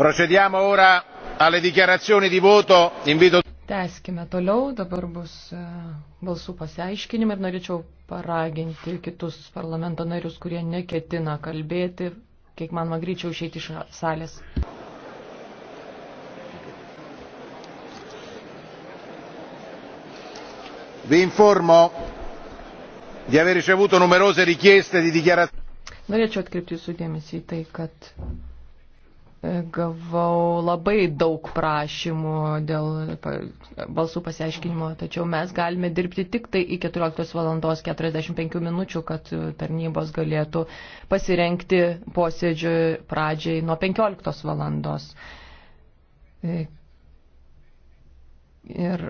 procediamo ora alle dichiarazioni di voto invito Tęskime toliau, dabar bus e, balsų pasiaiškinimai ir norėčiau paraginti kitus parlamento narius, kurie neketina kalbėti, kiek manoma greičiau išeiti iš salės. Vi informo di aver ricevuto numerose richieste di dichiarazione. Norėčiau atkreipti jūsų dėmesį į tai, kad Gavau labai daug prašymų dėl balsų pasiaiškinimo, tačiau mes galime dirbti tik tai iki 14 valandos 45 minučių, kad tarnybos galėtų pasirenkti posėdžių pradžiai nuo 15 valandos. E, ir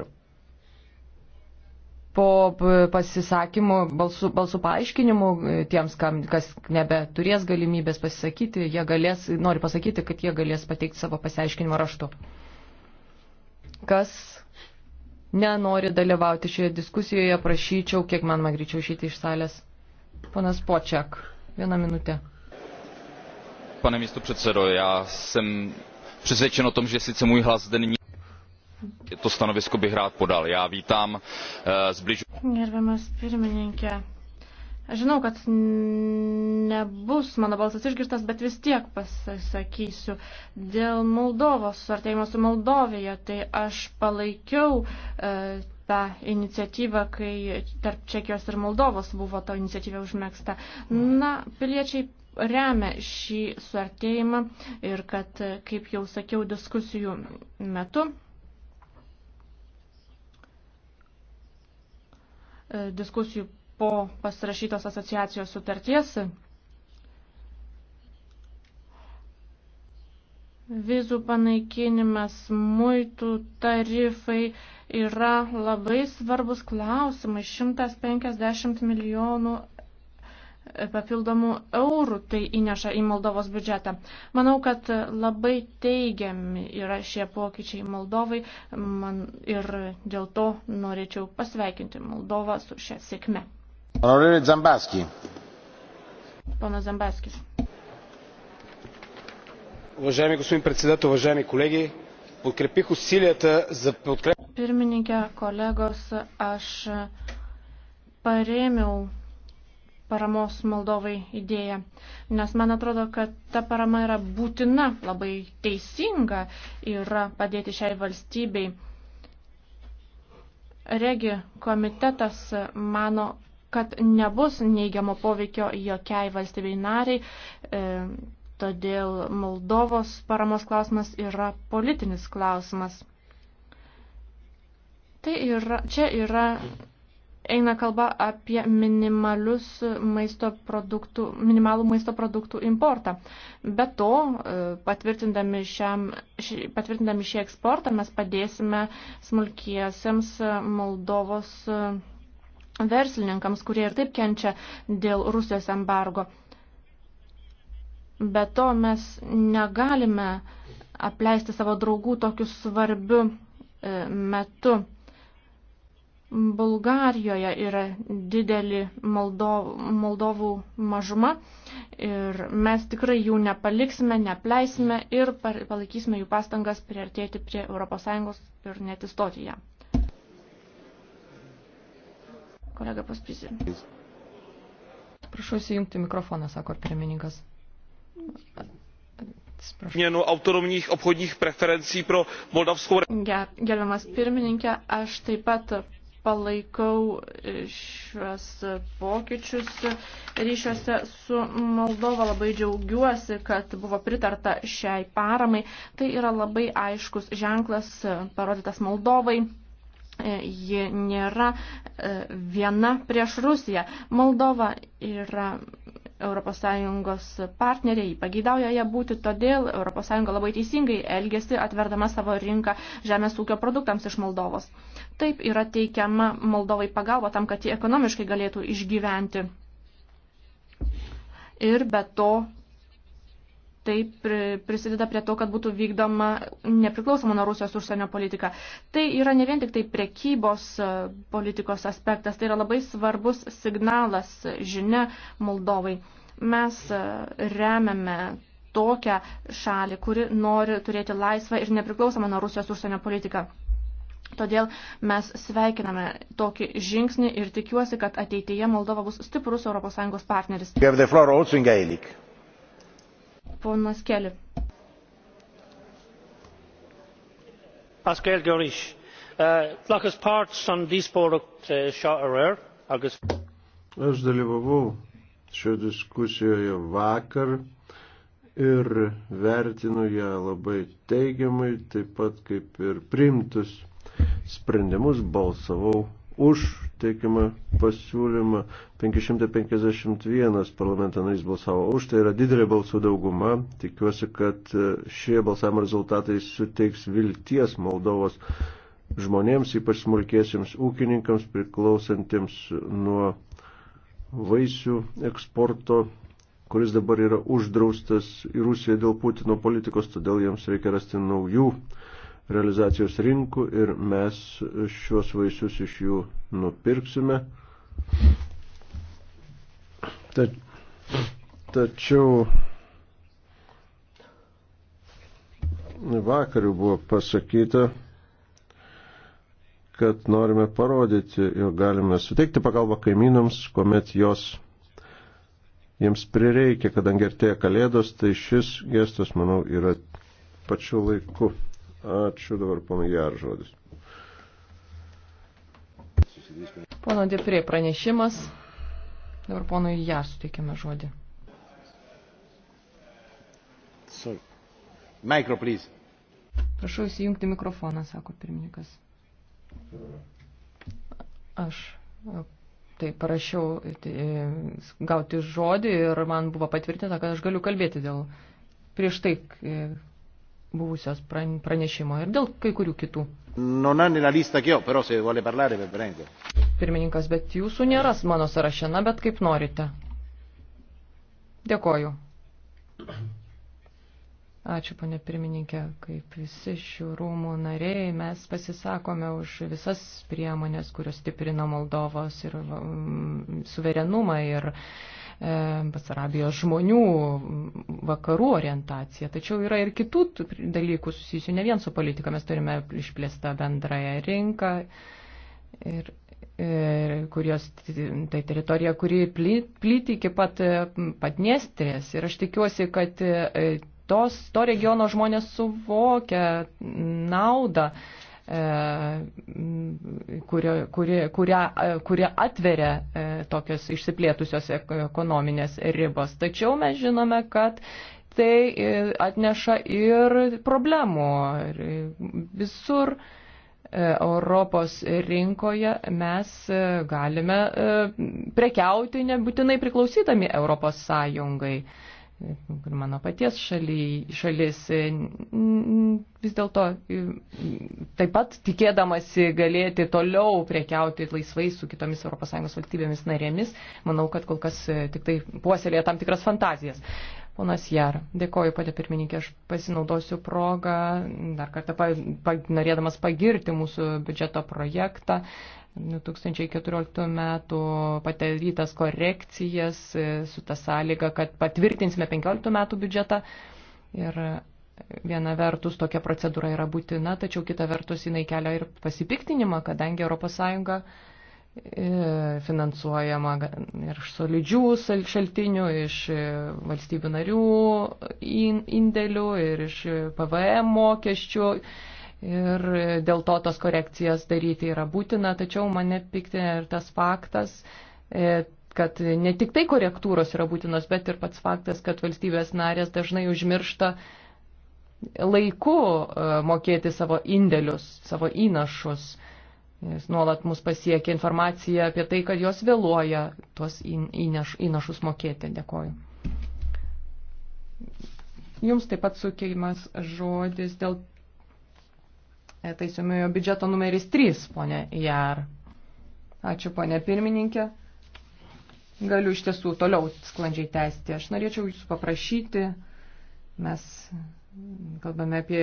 po pasisakymų, balsų, balsų paaiškinimų e, tiems, kam, kas nebeturės galimybės pasisakyti, jie galės, noriu pasakyti, kad jie galės pateikti savo pasiaiškinimo raštu. Kas nenori dalyvauti šioje diskusijoje, prašyčiau, kiek man magryčiau šitį iš salės. Ponas Počiak, vieną minutę. Pane místo předsedo, já jsem přesvědčen o tom, že sice můj hlas zde není to stanovisko bych rád podal. Já vítám eh, zbližování. Gerbiamas pirmininkė, žinau, kad nebus mano balsas išgirstas, bet vis tiek pasakysiu. Dėl Moldovos, suartėjimo su Moldovija, tai aš palaikiau e, tą iniciatyvą, kai tarp Čekijos ir Moldovos buvo to iniciatyva užmėgsta. Na, piliečiai remia šį suartėjimą ir kad, kaip jau sakiau diskusijų metu, E, diskusijų po pasirašytos asociacijos sutarties vizų panaikinimas, muitų tarifai yra labai svarbus klausimai. 150 milijonų papildomų eurų tai įneša į Moldovos biudžetą. Manau, kad labai teigiami yra šie pokyčiai Moldovai Man, ir dėl to norėčiau pasveikinti Moldovą su šia sėkme. Honorė Zambaski. Pana Zambaskis. Уважаеми господин председател, уважаеми колеги, подкрепих усилията за подкрепа. Пирмininkė, kolegos, aš parėmiau paramos Moldovai idėją, nes man atrodo, kad ta parama yra būtina, labai teisinga yra padėti šiai valstybei. Regi komitetas mano, kad nebus neigiamo poveikio jokiai valstybei nariai, e, todėl Moldovos paramos klausimas yra politinis klausimas. Tai yra, čia yra eina kalba apie minimalius maisto produktų, minimalų maisto produktų importą. Be to, e, patvirtindami, šiam, patvirtindami šį eksportą, mes padėsime smulkiesiems e, Moldovos e, verslininkams, kurie ir taip kenčia dėl Rusijos embargo. Be to, mes negalime apleisti savo draugų tokiu svarbiu metu. Bulgarijoje yra didelį Moldov, Moldovų mažuma ir mes tikrai jų nepaliksime, nepleisime ir palaikysime jų pastangas priartėti prie ES ir net įstoti ją. Kolega Paspisi. Prašau įsijungti mikrofoną, sako pirmininkas. Změnu autonomních obchodních preferencí pro Moldavskou. Gerbiamas pirmininkė, aš taip pat palaikau šios pokyčius ryšiuose su Moldova. Labai džiaugiuosi, kad buvo pritarta šiai paramai. Tai yra labai aiškus ženklas parodytas Moldovai. Ji nėra e, viena prieš Rusiją. Moldova yra ES partneriai, jį pagydauja ją būti, todėl ES labai teisingai elgesi atverdama savo rinką žemės ūkio produktams iš Moldovos taip yra teikiama Moldovai pagalba tam, kad jie ekonomiškai galėtų išgyventi. Ir be to taip prisideda prie to, kad būtų vykdoma nepriklausoma nuo Rusijos užsienio politika. Tai yra ne vien tik tai prekybos e, politikos aspektas, tai yra labai svarbus signalas žinia Moldovai. Mes e, remiame tokią šalį, kuri nori turėti laisvą ir nepriklausomą nuo Rusijos užsienio politiką. Todėl mes sveikiname tokį žingsnį ir tikiuosi, kad ateityje Moldova bus stiprus ES partneris. Ponas Keli. Pascal Gorish. Flakas uh, parts on disporok šarer. Uh, Aš dalyvavau šioje diskusijoje vakar ir vertinu ją labai teigiamai, taip pat kaip ir primtus sprendimus, balsavau už teikiamą pasiūlymą. 551 parlamentanais balsavo už, tai yra didelė balsų dauguma. Tikiuosi, kad e, šie balsavimo rezultatai suteiks vilties Moldovos žmonėms, ypač smulkiesiems ūkininkams priklausantiems nuo vaisių eksporto kuris dabar yra uždraustas į Rusiją dėl Putino politikos, todėl jiems reikia rasti naujų realizacijos rinkų ir mes šios vaisius iš jų nupirksime. Ta, tačiau vakar buvo pasakyta, kad norime parodyti, jog galime suteikti pagalbą kaimynams, kuomet jos jiems prireikia, kadangi artėja kalėdos, tai šis gestas, manau, yra pačiu laiku. Ačiū dabar pana Jar žodis. Pono Deprė pranešimas. Dabar ponui Jar suteikime žodį. Sorry. Micro, please. Prašau įsijungti mikrofoną, sako pirmininkas. Aš tai parašiau tai, gauti žodį ir man buvo patvirtinta, kad aš galiu kalbėti dėl prieš tai buvusios pranešimo ir dėl kai kurių kitų. Non ha nella lista che ho, però se vuole parlare, prego. Pirmininkas, bet jūsų nėra mano sąraše, na, bet kaip norite. Dėkoju. Ačiū, ponė pirmininkė, kaip visi šių rūmų nariai, mes pasisakome už visas priemonės, kurios stiprina Moldovos ir mm, suverenumą ir E, Basarabijos žmonių vakarų orientacija. Tačiau yra ir kitų dalykų susijusių ne vien su politika. Mes turime išplėstą bendrąją rinką. Ir, ir kurios tai teritorija, kuri plyti iki pat e, Padniestrės. Ir aš tikiuosi, kad e, tos, to regiono žmonės suvokia naudą E, kuria, kuria, e, kuria, kuria atveria e, tokios išsiplėtusios ekonominės ribos. Tačiau mes žinome, kad tai atneša ir problemų. Visur Europos rinkoje mes galime prekiauti nebūtinai priklausydami Europos Sąjungai kur mano paties šaly, šalis, e, vis dėlto e, taip pat tikėdamasi galėti toliau priekiauti laisvai su kitomis ES valstybėmis narėmis, manau, kad kol kas e, tik tai puoselėja tam tikras fantazijas. Ponas Jar, dėkoju, patė pirmininkė, aš pasinaudosiu progą, dar kartą pa, pa, norėdamas pagirti mūsų biudžeto projektą. 2014 metų padarytas korekcijas e, su ta sąlyga, kad patvirtinsime 15 metų biudžetą. Ir viena vertus tokia procedūra yra būtina, tačiau kita vertus jinai kelia ir pasipiktinimą, kadangi ES e, finansuojama ir iš solidžių šaltinių, iš e, valstybių narių indėlių ir iš PVM mokesčių ir dėl to tas korekcijas daryti yra būtina, tačiau mane piktina ir tas faktas, e, kad ne tik tai korektūros yra būtinos, bet ir pats faktas, kad valstybės narės dažnai užmiršta laiku e, mokėti savo indėlius, savo įnašus. Jis nuolat mus pasiekia informacija apie tai, kad jos vėluoja tuos įneš, įnašus mokėti. Dėkoju. Jums taip pat sukeimas žodis dėl E, taisomiojo biudžeto numeris 3, ponė Jar. Ačiū, ponė pirmininkė. Galiu iš tiesų toliau sklandžiai tęsti. Aš norėčiau jūsų paprašyti, mes kalbame apie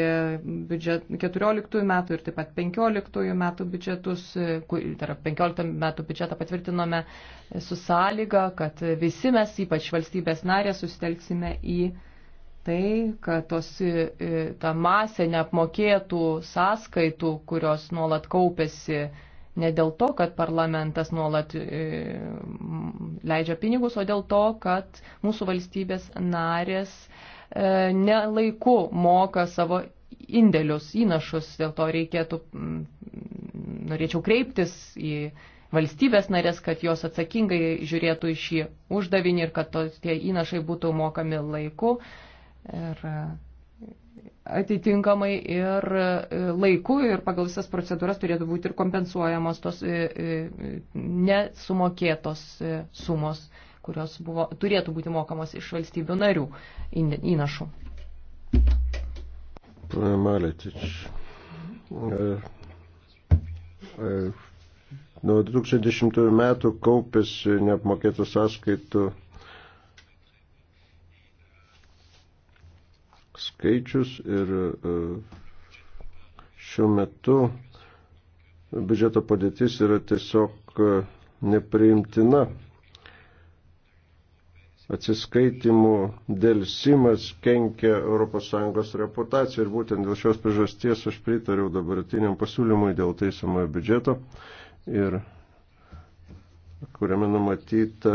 biudžet, 14 metų ir taip pat 15 metų biudžetus, tai yra 15 metų biudžetą patvirtinome su sąlyga, kad visi mes, ypač valstybės narė, susitelksime į tai, kad tos, e, ta masė neapmokėtų sąskaitų, kurios nuolat kaupėsi ne dėl to, kad parlamentas nuolat e, leidžia pinigus, o dėl to, kad mūsų valstybės narės e, nelaiku moka savo indėlius, įnašus, dėl to reikėtų, norėčiau kreiptis į valstybės narės, kad jos atsakingai žiūrėtų į šį uždavinį ir kad to, tie įnašai būtų mokami laiku. Uh, ir atitinkamai ir laiku ir pagal visas procedūras turėtų būti ir kompensuojamos tos e, e, nesumokėtos e, sumos, kurios buvo, turėtų būti mokamos iš valstybių narių įnašų. Pane Maletič, nuo 2010 metų kaupėsi neapmokėtų sąskaitų skaičius ir e, šiuo metu biudžeto padėtis yra tiesiog e, nepriimtina. Atsiskaitimų dėlsimas kenkia ES reputacijai ir būtent dėl šios priežasties aš pritariau dabartiniam pasiūlymui dėl teisamojo biudžeto ir kuriame numatyta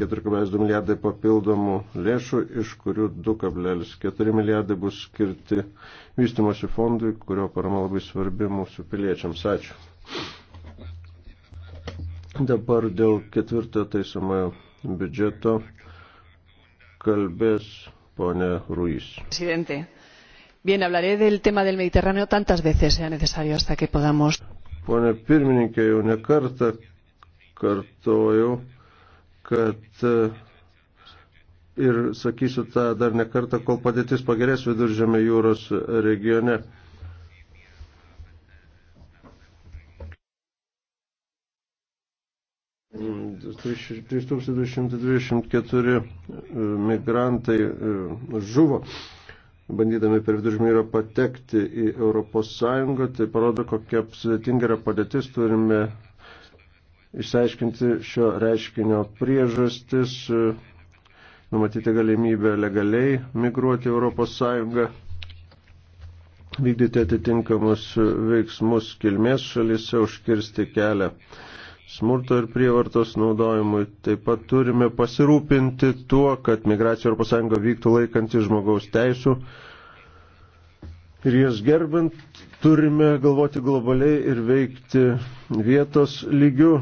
4,2 milijardai papildomų lėšų, iš kurių 2,4 milijardai bus skirti vystimosi fondui, kurio parama labai svarbi mūsų piliečiams. Ačiū. Dabar dėl ketvirto taisomojo biudžeto kalbės ponė Ruiz. Presidente. Bien, hablaré del tema del Mediterráneo tantas veces sea necesario hasta que podamos. Pone pirmininkė, jau ne kartą kartojau, kad e, ir sakysiu tą dar ne kartą, kol padėtis pagerės viduržėme jūros regione. Mm, 3224 e, migrantai e, žuvo bandydami per viduržmyrą patekti į Europos Sąjungą, tai parodo, kokia sudėtinga yra padėtis, turime išsiaiškinti šio reiškinio priežastis, numatyti galimybę legaliai migruoti Europos Sąjungą, vykdyti atitinkamus veiksmus kilmės šalyse, užkirsti kelią smurto ir prievartos naudojimui. Taip pat turime pasirūpinti tuo, kad migracija Europos Sąjunga vyktų laikantys žmogaus teisų ir jas gerbint turime galvoti globaliai ir veikti vietos lygių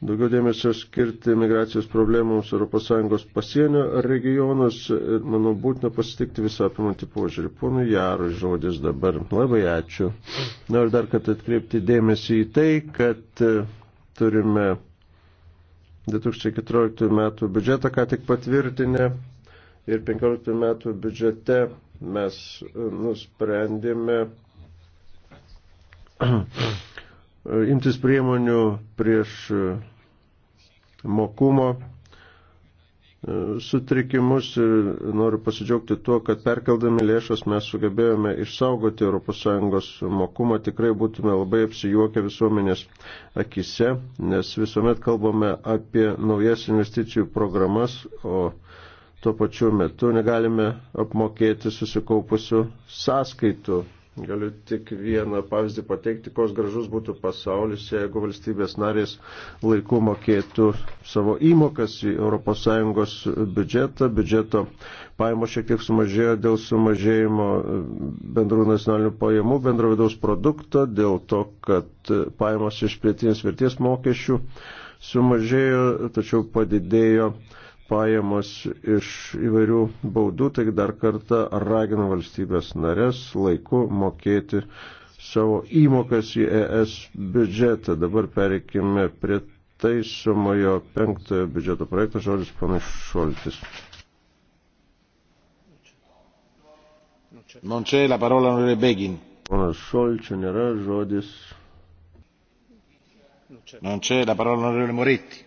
daugiau dėmesio skirti migracijos problemams ES pasienio regionus ir, manau, būtina pasitikti visą apimantį požiūrį. Pono Jarui žodis dabar. Labai ačiū. Noriu dar kad atkreipti dėmesį į tai, kad e, turime 2014 metų biudžetą ką tik patvirtinę ir 15 metų biudžete mes e, nusprendėme E, imtis priemonių prieš e, mokumo e, sutrikimus ir noriu pasidžiaugti tuo, kad perkeldami lėšas mes sugebėjome išsaugoti ES mokumą, tikrai būtume labai apsijuokę visuomenės akise, nes visuomet kalbame apie naujas investicijų programas, o tuo pačiu metu negalime apmokėti susikaupusių sąskaitų Galiu tik vieną pavyzdį pateikti, koks gražus būtų pasaulis, jeigu valstybės narės laiku mokėtų savo įmokas į ES biudžetą. Biudžeto pajamos šiek tiek sumažėjo dėl sumažėjimo bendrų nacionalinių pajamų, bendro vidaus produkto, dėl to, kad pajamos iš plėtinės vertės mokesčių sumažėjo, tačiau padidėjo pajamos iš įvairių baudų, taigi dar kartą raginu valstybės narės laiku mokėti savo įmokas į ES biudžetą. Dabar pereikime prie taisomojo penktojo biudžeto projekto žodis panašoltis. Non c'è la parola onorevole Begin. Ponas Šolčio nėra žodis. Non c'è la parola onorevole Moretti.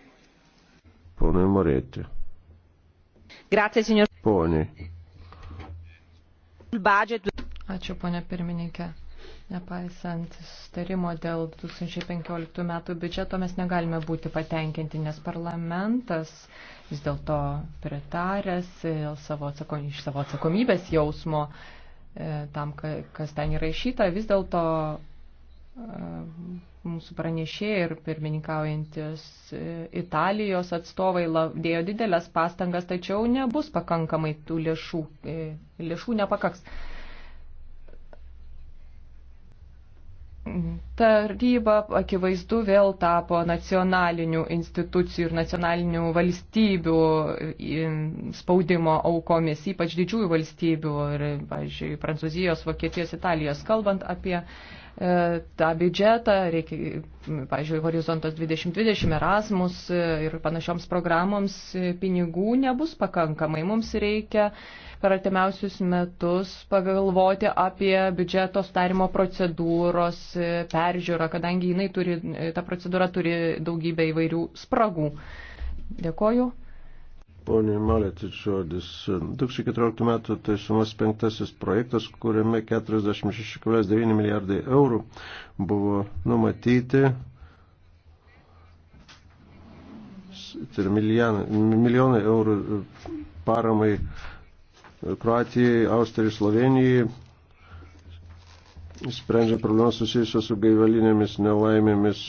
Ponui Moretti. Grazie, signor. Pone. Ačiū, ponė pirmininkė. Nepaisant sustarimo dėl 2015 metų biudžeto mes negalime būti patenkinti, nes parlamentas vis dėlto pritaręs savo atsako, iš savo atsakomybės jausmo e, tam, kas ten yra išyta, vis dėlto mūsų pranešėjai ir pirmininkaujantis e, Italijos atstovai dėjo didelės pastangas, tačiau nebus pakankamai tų lėšų, e, lėšų nepakaks. Taryba akivaizdu vėl tapo nacionalinių institucijų ir nacionalinių valstybių e, spaudimo aukomis, ypač didžiųjų valstybių ir, pavyzdžiui, Prancūzijos, Vokietijos, Italijos, kalbant apie uh, E, tą biudžetą, reikia, pažiūrėjau, Horizontas 2020, Erasmus e, ir panašioms programoms e, pinigų nebus pakankamai. Mums reikia per artimiausius metus pagalvoti apie biudžeto starimo procedūros peržiūrą, kadangi jinai turi, ta procedūra turi daugybę įvairių spragų. Dėkoju. Pone Maletič žodis. 2014 metų tai sumas penktasis projektas, kuriame 46,9 milijardai eurų buvo numatyti. Tai milijonai, milijonai eurų paramai Kroatijai, Austrijai, Slovenijai, sprendžia problemas susijusios su gaivalinėmis nelaimėmis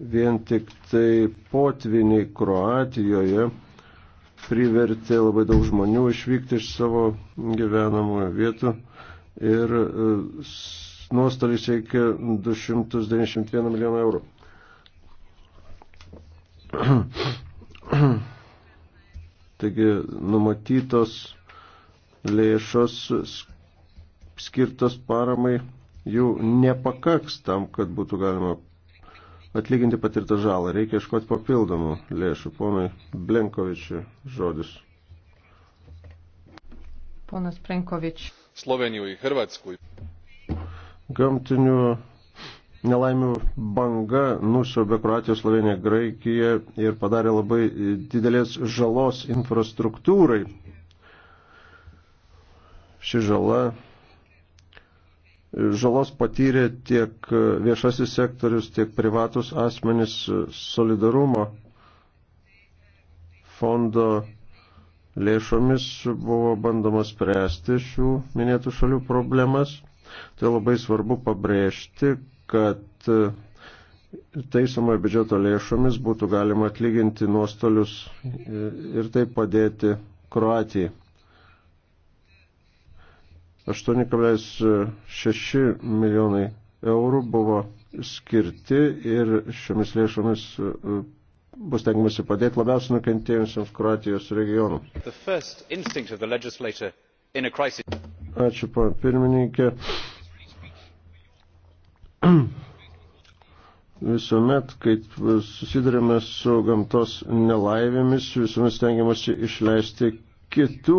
vien tik tai potviniai Kroatijoje privertė labai daug žmonių išvykti iš savo gyvenamojo vietų ir e, nuostolis siekia 291 milijoną eurų. Taigi numatytos lėšos skirtos paramai jų nepakaks tam, kad būtų galima atlyginti patirtą žalą. Reikia iškoti papildomų lėšų. Ponai Blenkovičiu žodis. Ponas Plenkovič. Slovenijoje, Hrvatskui. Gamtinių nelaimių banga nusiaubė Kroatiją, Sloveniją, Graikiją ir padarė labai didelės žalos infrastruktūrai. Ši žala Žalos patyrė tiek viešasis sektorius, tiek privatus asmenys solidarumo fondo lėšomis buvo bandoma spręsti šių minėtų šalių problemas. Tai labai svarbu pabrėžti, kad taisomojo biudžeto lėšomis būtų galima atlyginti nuostolius ir taip padėti Kroatijai. 8,6 milijonai eurų buvo skirti ir šiomis lėšomis e, bus tengiamasi padėti labiausiai nukentėjusiems Kroatijos regionams. Ačiū, pana pirmininkė. Visuomet, kai susidurime su gamtos nelaivėmis, visuomet stengiamasi išleisti kitų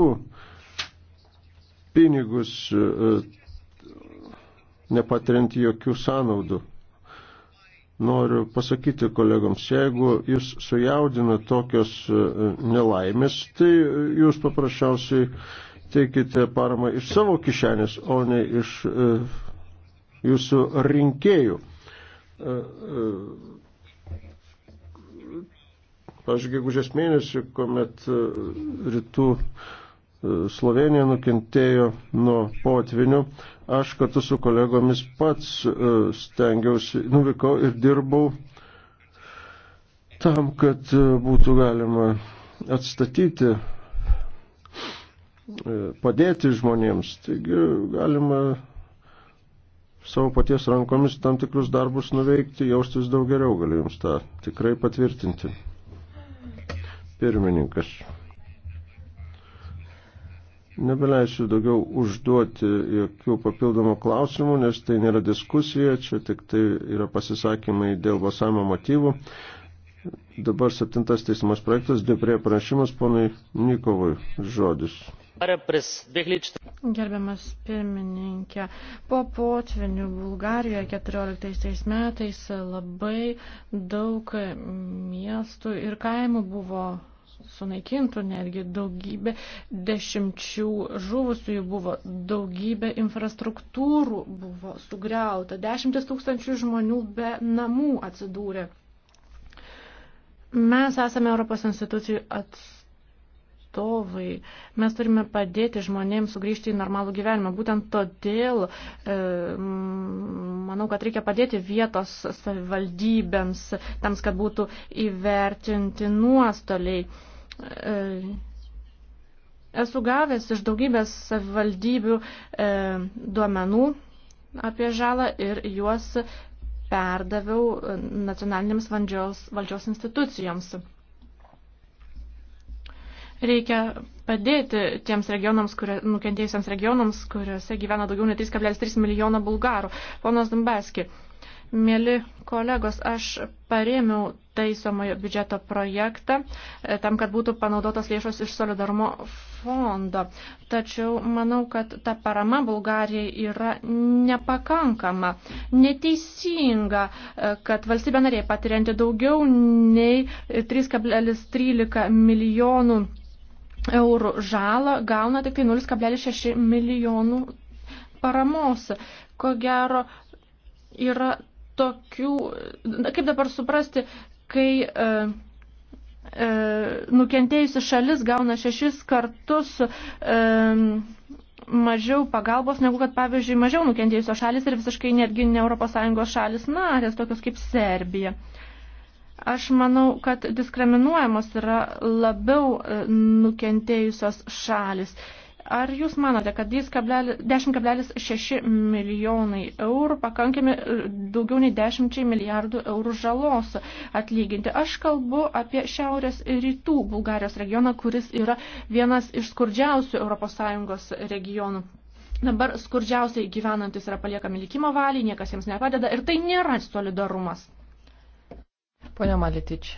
pinigus, e, e, nepatiriant jokių sąnaudų. Noriu pasakyti kolegoms, jeigu jūs sujaudina tokios e, nelaimės, tai jūs paprasčiausiai teikite paramą iš savo kišenės, o ne iš jūsų rinkėjų. Pavyzdžiui, gegužės mėnesį, kuomet rytų Slovenija nukentėjo nuo potvinių. Aš kartu su kolegomis pats e, stengiausi, nuvykau ir dirbau tam, kad e, būtų galima atstatyti, e, padėti žmonėms. Taigi galima savo paties rankomis tam tikrus darbus nuveikti, jaustis daug geriau, galiu jums tą tikrai patvirtinti. Pirmininkas. Nebeleisiu daugiau užduoti jokių papildomų klausimų, nes tai nėra diskusija, čia tik tai yra pasisakymai dėl balsavimo motyvų. Dabar septintas teisimas projektas, dėprė pranešimas ponai Nikovui žodis. Gerbiamas pirmininkė, po potvinių Bulgarijoje 14 metais labai daug miestų ir kaimų buvo sunaikintų netgi daugybė dešimčių žuvusiųjų buvo, daugybė infrastruktūrų buvo sugriauta, dešimtis tūkstančių žmonių be namų atsidūrė. Mes esame Europos institucijų atstovai, mes turime padėti žmonėms sugrįžti į normalų gyvenimą. Būtent todėl e, manau, kad reikia padėti vietos savivaldybėms, tams, kad būtų įvertinti nuostoliai. E, E, esu gavęs iš daugybės savivaldybių e, duomenų apie žalą ir juos perdaviau nacionalinėms valdžios, valdžios institucijoms. Reikia padėti tiems regionams, kurie, nukentėjusiems regionams, kuriuose gyvena daugiau nei 3,3 milijono bulgarų. Ponas Dumbeski, e, Mėly kolegos, aš parėmiau taisomojo biudžeto projektą e, tam, kad būtų panaudotos lėšos iš solidarumo fondo. Tačiau manau, kad ta parama Bulgarijai yra nepakankama, neteisinga, e, kad valstybė narė patirianti daugiau nei 3,13 milijonų eurų žalą gauna tik tai 0,6 milijonų paramos. Ko gero, yra tokių, kaip dabar suprasti, kai e, e, nukentėjusi šalis gauna šešis kartus e, mažiau pagalbos, negu kad, pavyzdžiui, mažiau nukentėjusios šalis ir visiškai netgi ne ES šalis narės, tokios kaip Serbija. Aš manau, kad diskriminuojamos yra labiau e, nukentėjusios šalis. E, Ar jūs manote, kad 10,6 milijonai eurų pakankami e, daugiau nei 10 milijardų eurų žalos atlyginti? Aš kalbu apie šiaurės rytų Bulgarijos regioną, kuris yra vienas iš skurdžiausių ES regionų. Dabar skurdžiausiai gyvenantis yra paliekami likimo valiai, niekas jiems nepadeda ir tai nėra solidarumas. Pone Maletič.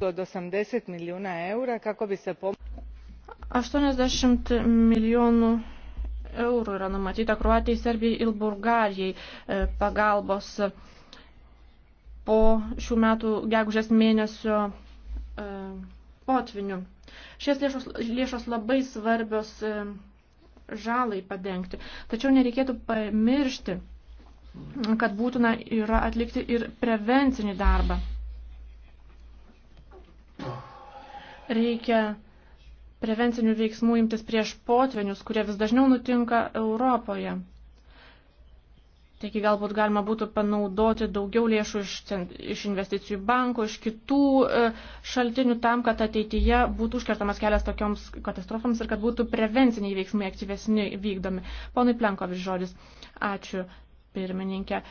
Do 80 milijuna eura, kako bi se pomoglo 80 milijonų eurų yra numatyta Kroatijai, Serbijai ir Bulgarijai e, pagalbos e, po šių metų gegužės mėnesio e, potvinių. Šies lėšos, lėšos labai svarbios žalai padengti. Tačiau nereikėtų pamiršti, kad būtina yra atlikti ir prevencinį darbą. Reikia prevencinių veiksmų imtis prieš potvenius, kurie vis dažniau nutinka Europoje. Taigi galbūt galima būtų panaudoti daugiau lėšų iš, iš investicijų banko, iš kitų e, šaltinių tam, kad ateityje būtų užkertamas kelias tokioms katastrofams ir kad būtų prevenciniai veiksmai aktyvesni vykdomi. Ponui Plenkovis žodis. Ačiū, pirmininkė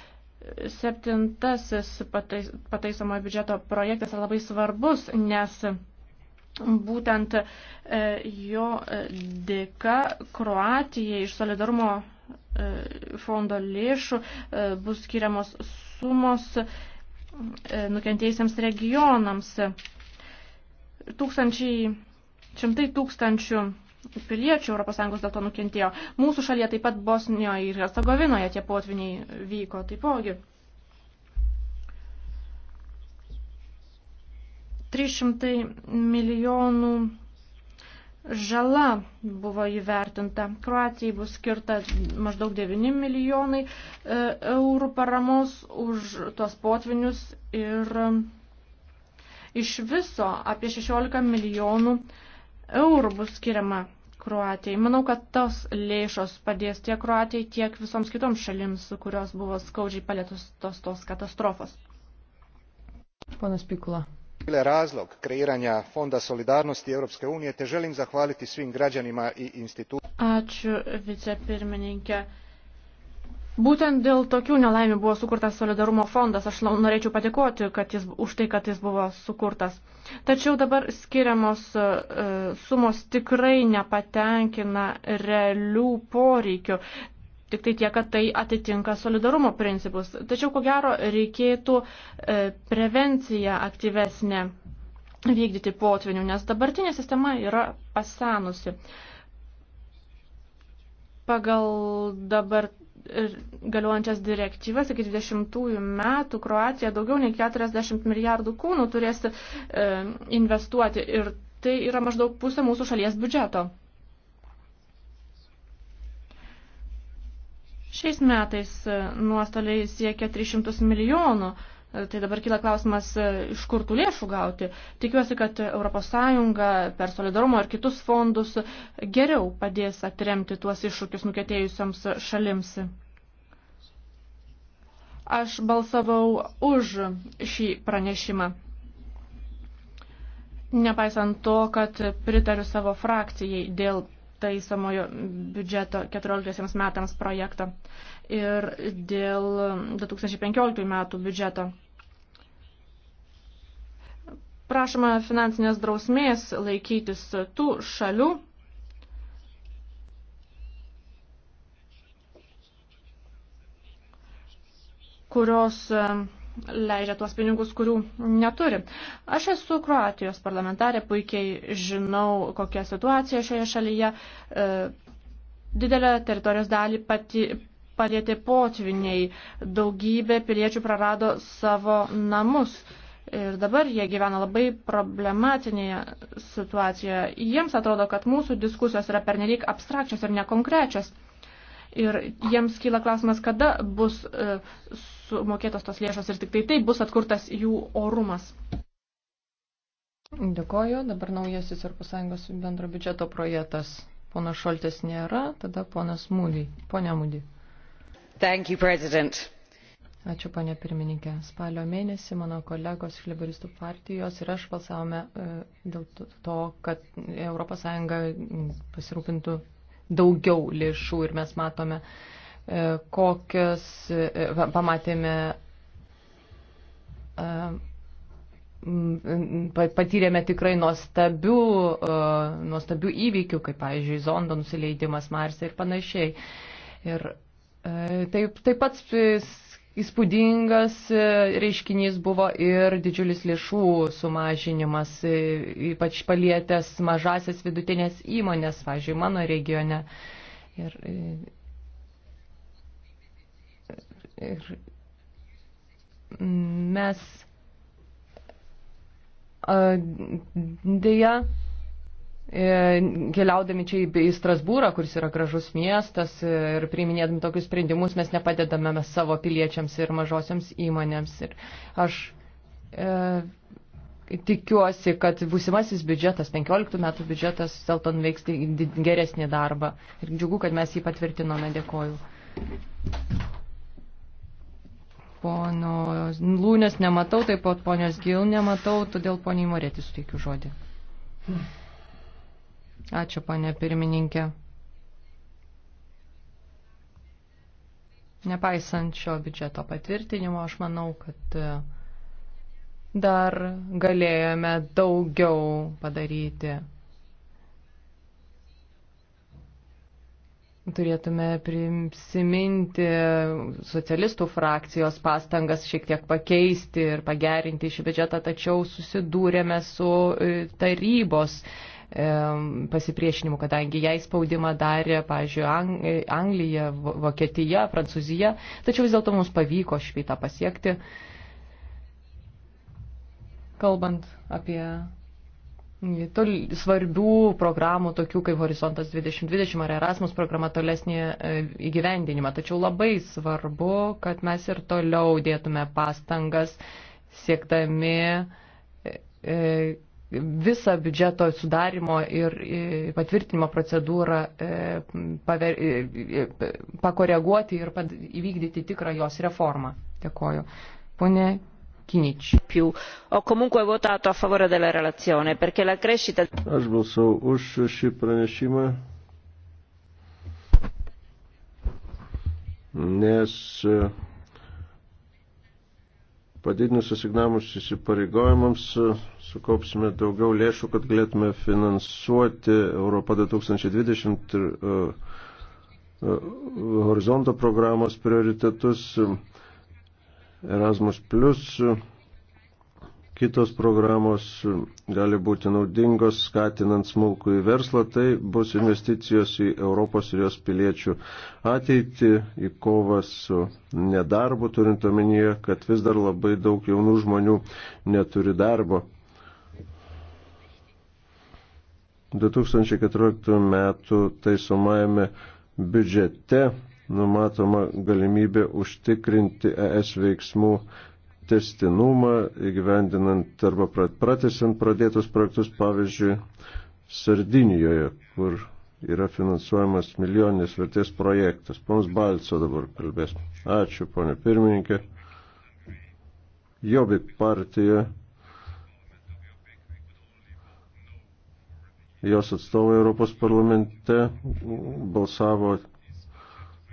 septintasis patais, pataisomojo biudžeto projektas yra labai svarbus, nes Būtent e, jo dėka Kroatija iš solidarumo e, fondo lėšų e, bus skiriamos sumos nukentėjusiems regionams. Tūkstančiai, šimtai tūkstančių piliečių ES dėl to nukentėjo. Mūsų šalyje taip pat Bosnijoje ir Hercegovinoje tie potviniai vyko taipogi. 300 milijonų žala buvo įvertinta. Kroatijai bus skirta maždaug 9 milijonai e, eurų paramos už tuos potvinius ir e, iš viso apie 16 milijonų eurų bus skiriama Kroatijai. Manau, kad tos lėšos padės tiek Kroatijai, tiek visoms kitoms šalims, kurios buvo skaudžiai palėtus tos, tos katastrofos. Ponas Pikula bile razlog kreiranja fonda solidarnosti europske unije te želim zahvaliti svim građanima i institucijama ačiū vicepirmininke Būtent dėl tokių nelaimių buvo sukurtas solidarumo fondas. Aš norėčiau padėkoti kad jis, už tai, kad jis buvo sukurtas. Tačiau dabar skiriamos e, sumos tikrai nepatenkina realių poreikių. Tik tai tiek, kad tai atitinka solidarumo principus. Tačiau, ko gero, reikėtų e, prevenciją aktyvesnę vykdyti potvinių, nes dabartinė sistema yra pasenusi. Pagal dabar e, galiuojančias direktyvas iki 20 metų Kroatija daugiau nei 40 milijardų kūnų turės e, investuoti ir tai yra maždaug pusė mūsų šalies biudžeto. Šiais metais e, nuostoliai siekia 300 milijonų. E, tai dabar kyla klausimas, e, iš kur tų lėšų gauti. Tikiuosi, kad ES per solidarumo ir kitus fondus geriau padės atremti tuos iššūkius nukėtėjusiams šalims. Aš balsavau už šį pranešimą. Nepaisant to, kad pritariu savo frakcijai dėl taisomojo biudžeto 14 metams projekto ir dėl 2015 metų biudžeto. Prašoma finansinės drausmės laikytis tų šalių, kurios leidžia tuos pinigus, kurių neturi. Aš esu Kroatijos parlamentarė, puikiai žinau, kokia situacija šioje šalyje. E, didelę teritorijos dalį pati, palėtė potviniai, daugybė piliečių prarado savo namus. Ir dabar jie gyvena labai problematinėje situacijoje. Jiems atrodo, kad mūsų diskusijos yra pernelyg abstrakčios ir nekonkrečios. Ir jiems kyla klausimas, kada bus e, sumokėtos tos lėšos ir tik tai taip bus atkurtas jų orumas. Dėkoju. Dabar naujasis Europos Sąjungos bendro biudžeto projektas. Pono Šoltės nėra, tada ponas Mūdy. Pone Mūdy. Thank you, President. Ačiū, ponė pirmininkė. Spalio mėnesį mano kolegos iš liberistų partijos ir aš balsavome e, dėl to, kad ES pasirūpintų daugiau lėšų ir mes matome, E, kokios e, pamatėme, e, patyrėme tikrai nuostabių, nuostabių įvykių, kaip, pavyzdžiui, zondo nusileidimas Marse ir panašiai. Ir taip, taip pat įspūdingas reiškinys buvo ir didžiulis lėšų sumažinimas, ypač palietęs mažasias vidutinės įmonės, važiuoju, mano regione. Ir Ir mes dėja e, keliaudami čia į Strasbūrą, kuris yra gražus miestas ir priiminėdami tokius sprendimus, mes nepadedame savo piliečiams ir mažosiams įmonėms. Ir aš e, tikiuosi, kad būsimasis biudžetas, 15 metų biudžetas, dėl to nuveiks tai geresnį darbą. Ir džiugu, kad mes jį patvirtinome. Dėkoju pono Lūnės nematau, taip pat ponios Gil nematau, todėl poniai Morėti suteikiu žodį. Ačiū, ponė pirmininkė. Nepaisant šio biudžeto patvirtinimo, aš manau, kad e, dar galėjome daugiau padaryti Turėtume prisiminti socialistų frakcijos pastangas šiek tiek pakeisti ir pagerinti šį biudžetą, tačiau susidūrėme su e, tarybos e, pasipriešinimu, kadangi jai spaudimą darė, pažiūrėjau, e, Anglija, Vokietija, Prancūzija, tačiau vis dėlto mums pavyko šitą pasiekti. Kalbant apie svarbių programų, tokių kaip Horizontas 2020 ar Erasmus programa tolesnį e, įgyvendinimą. Tačiau labai svarbu, kad mes ir toliau dėtume pastangas siektami e, e, visą biudžeto sudarimo ir patvirtinimo procedūrą paver, pakoreguoti ir įvykdyti tikrą jos reformą. Dėkoju. Pone principių ho comunque votato a favore della relazione perché la crescita. aš balsavau už šį pranešimą nes padidinus asignavimus įsipareigojimams sukaupsime daugiau lėšų, kad galėtume finansuoti Europą 2020 ir uh, uh, horizonto programos prioritetus. Uh, Erasmus Plus kitos programos gali būti naudingos, skatinant smulkų į verslą, tai bus investicijos į Europos ir jos piliečių ateitį, į kovą su nedarbu, turint omenyje, kad vis dar labai daug jaunų žmonių neturi darbo. 2014 metų taisomajame biudžete numatoma galimybė užtikrinti ES veiksmų testinumą, įgyvendinant arba pratesiant pradėtus projektus, pavyzdžiui, Sardinijoje, kur yra finansuojamas milijoninės vertės projektas. Pons Balco dabar kalbės. Ačiū, ponė pirmininkė. Jobik partija, jos atstovai Europos parlamente balsavo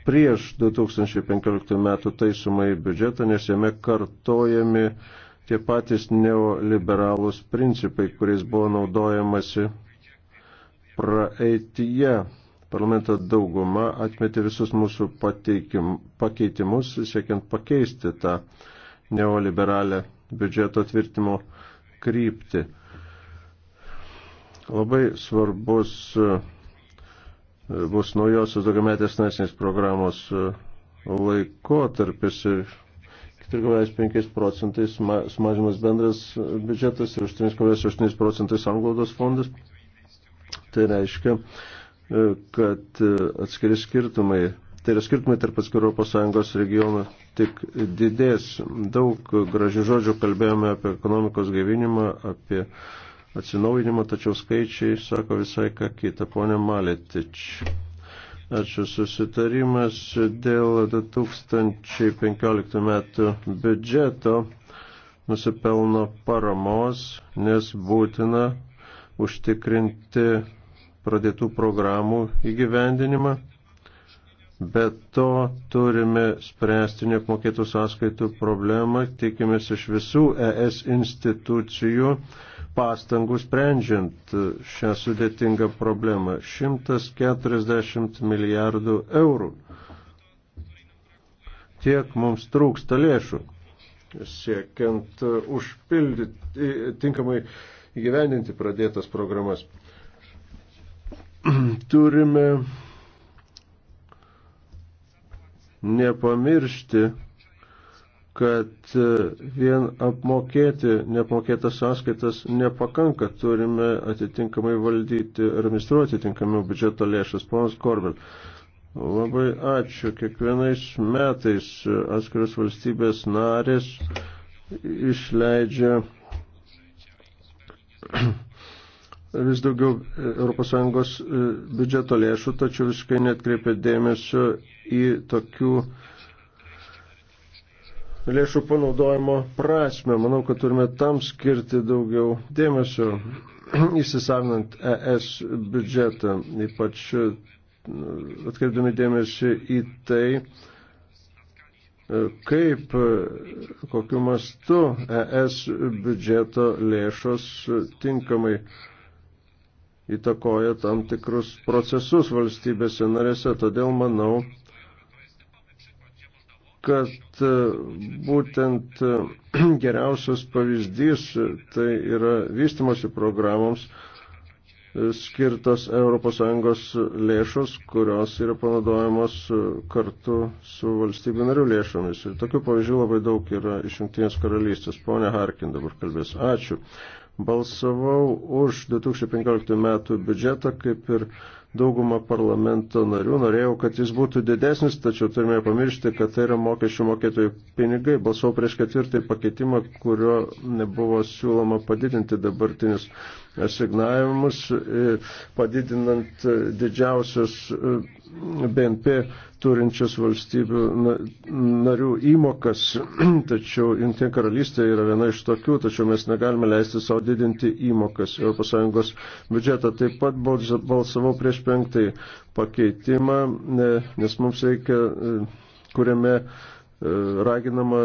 prieš 2015 metų taisomai biudžetą, nes jame kartojami tie patys neoliberalūs principai, kuriais buvo naudojamasi praeitie. Parlamento dauguma atmetė visus mūsų pateikim, pakeitimus, siekiant pakeisti tą neoliberalę biudžeto tvirtimo kryptį. Labai svarbus bus naujosios daugiametės nacinės programos e, laikotarpis ir 4,5 procentais sumažimas bendras biudžetas ir 8,8 procentais anglaudos fondas. Tai reiškia, e, kad e, atskiri skirtumai, tai yra skirtumai tarp atskirų ES regionų tik didės. Daug gražių žodžių kalbėjome apie ekonomikos gaivinimą, apie uh, atsinaujinimo, tačiau skaičiai sako visai ką kitą. Pone Maletič. Ačiū susitarimas dėl 2015 metų biudžeto nusipelno paramos, nes būtina užtikrinti pradėtų programų įgyvendinimą. Bet to turime spręsti neapmokėtų sąskaitų problemą, tikimės iš visų ES institucijų pastangų sprendžiant šią sudėtingą problemą. 140 milijardų eurų. Tiek mums trūksta lėšų, siekiant užpildyti, tinkamai įgyvendinti pradėtas programas. Turime nepamiršti kad e, vien apmokėti neapmokėtas sąskaitas nepakanka, turime atitinkamai valdyti ir administruoti atitinkamų biudžeto lėšas. Ponas Korbel, labai ačiū. Kiekvienais metais atskiros valstybės narės išleidžia vis daugiau ES biudžeto lėšų, tačiau visiškai netkreipia dėmesio į tokių lėšų panaudojimo prasme. Manau, kad turime tam skirti daugiau dėmesio įsisavinant ES biudžetą, ypač nu, atkreipdami dėmesį į tai, kaip, kokiu mastu ES biudžeto lėšos tinkamai įtakoja tam tikrus procesus valstybėse narėse. Todėl manau, kad e, būtent e, geriausias pavyzdys e, tai yra vystimosi programoms skirtos ES lėšos, kurios yra panaudojamos kartu su valstybių narių lėšomis. Ir tokių pavyzdžių labai daug yra iš Junktinės karalystės. Pone Harkin dabar kalbės. Ačiū. Balsavau už 2015 metų biudžetą, kaip ir daugumą parlamento narių. Norėjau, kad jis būtų didesnis, tačiau turime pamiršti, kad tai yra mokesčių mokėtojų pinigai. Balsavau prieš ketvirtąjį pakeitimą, kurio nebuvo siūloma padidinti dabartinius asignavimus, e, padidinant e, didžiausias e, BNP turinčias valstybių narių įmokas, tačiau Junktinė karalystė yra viena iš tokių, tačiau mes negalime leisti savo didinti įmokas ES biudžetą. Taip pat balsavau prieš penktąjį pakeitimą, nes mums reikia, e, kuriame e, raginama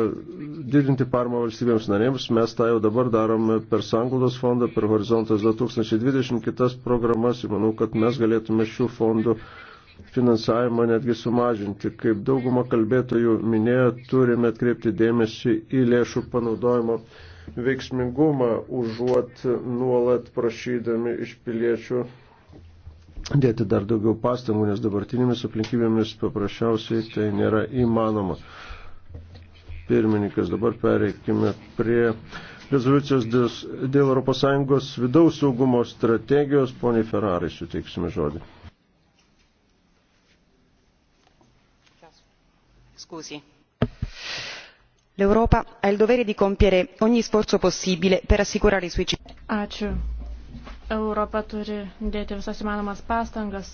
didinti parmą valstybėms narėms. Mes tą jau dabar darome per Sanglaudos fondą, per Horizontas 2020 kitas programas ir manau, kad mes galėtume šių fondų finansavimą netgi sumažinti. Kaip dauguma kalbėtojų minėjo, turime atkreipti dėmesį į lėšų panaudojimo veiksmingumą, užuot nuolat prašydami iš piliečių dėti dar daugiau pastangų, nes dabartinėmis aplinkybėmis paprasčiausiai tai nėra įmanoma. Pirmininkas, dabar pereikime prie rezoliucijos dėl ES vidaus saugumo strategijos. Poniai Ferrari suteiksime žodį. l'europa ha il dovere di compiere ogni sforzo possibile per assicurare ai suoi cittadini. europa turi dėti visas įmanomas pastangas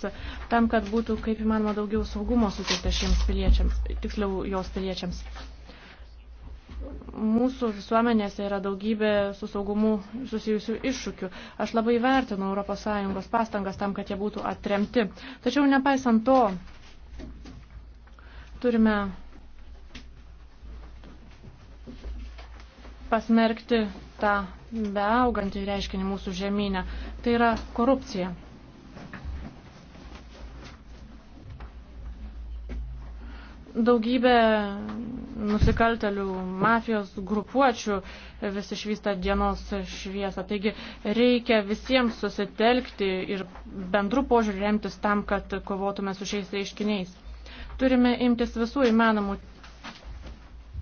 tam kad būtų kaip įmanoma daugiau saugumo suteikta šiems piliečiams tiksliau jos piliečiams. Mūsų visuomenėse yra daugybė su saugumu susijusių iššūkių. Aš labai vertinu ES pastangas tam, kad jie būtų atremti. Tačiau nepaisant to, turime pasmerkti tą beaugantį reiškinį mūsų žemynę. Tai yra korupcija. Daugybė nusikaltelių, mafijos grupuočių vis išvysta dienos šviesą. Taigi reikia visiems susitelkti ir bendrų požiūrį remtis tam, kad kovotume su šiais reiškiniais. Turime imtis visų įmanomų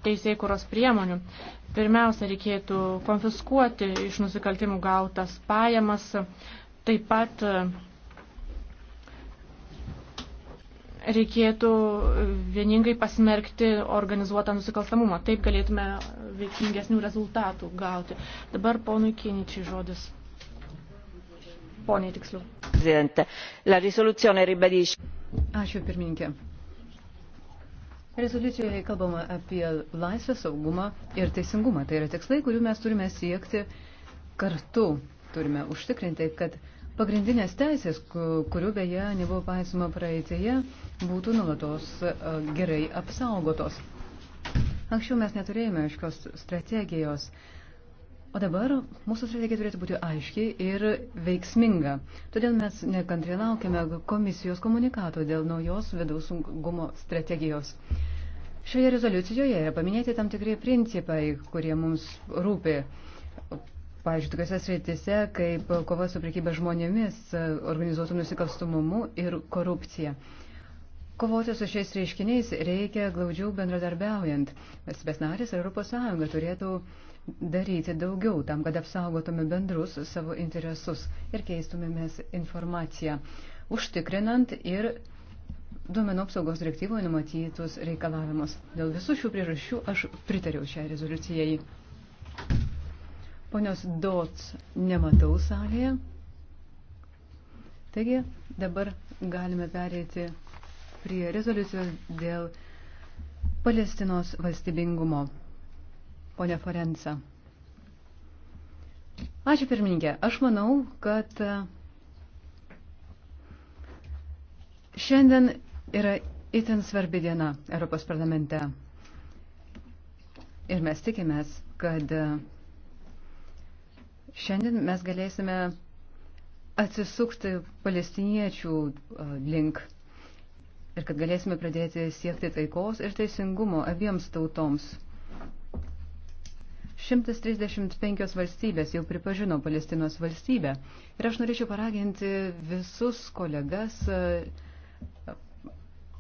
teisėkuros priemonių. Pirmiausia, reikėtų konfiskuoti iš nusikaltimų gautas pajamas, taip pat e, reikėtų vieningai pasmerkti organizuotą nusikalstamumą. Taip galėtume veiksmingesnių rezultatų gauti. Dabar ponui Kiničiai žodis. Poniai tiksliau. Ačiū pirmininkė Rezoliucijoje kalbama apie laisvę, saugumą ir teisingumą. Tai yra tikslai, kurių mes turime siekti kartu. Turime užtikrinti, kad pagrindinės teisės, kurių beje nebuvo paisoma praeitėje, būtų nulatos e, gerai apsaugotos. Anksčiau mes neturėjome aiškios strategijos O dabar mūsų strategija turėtų būti aiški ir veiksminga. Todėl mes nekantriai laukiame komisijos komunikato dėl naujos vidaus saugumo strategijos. Šioje rezoliucijoje yra paminėti tam tikrai principai, kurie mums rūpi. Pavyzdžiui, tokiuose srityse, kaip kova su priekyba žmonėmis, organizuotų nusikalstumumu ir korupcija. Kovoti su šiais reiškiniais reikia glaudžiau bendradarbiaujant. Mes besnaris Europos Sąjunga turėtų uh, daryti daugiau tam, kad apsaugotume bendrus savo interesus ir keistumėmės informaciją, užtikrinant ir duomenų apsaugos direktyvoje numatytus reikalavimus. Dėl visų šių priežasčių aš pritariau šią rezoliucijai. Ponios Dots nematau salėje. Taigi dabar galime perėti prie rezoliucijos dėl Palestinos valstybingumo ponia Forensa. Ačiū pirmininkė. Aš manau, kad e, šiandien yra itin svarbi diena Europos parlamente. Ir mes tikimės, kad e, šiandien mes galėsime atsisukti palestiniečių e, link ir kad galėsime pradėti siekti taikos ir teisingumo abiems tautoms. 135 valstybės jau pripažino Palestinos valstybę. Ir aš norėčiau paraginti visus kolegas e,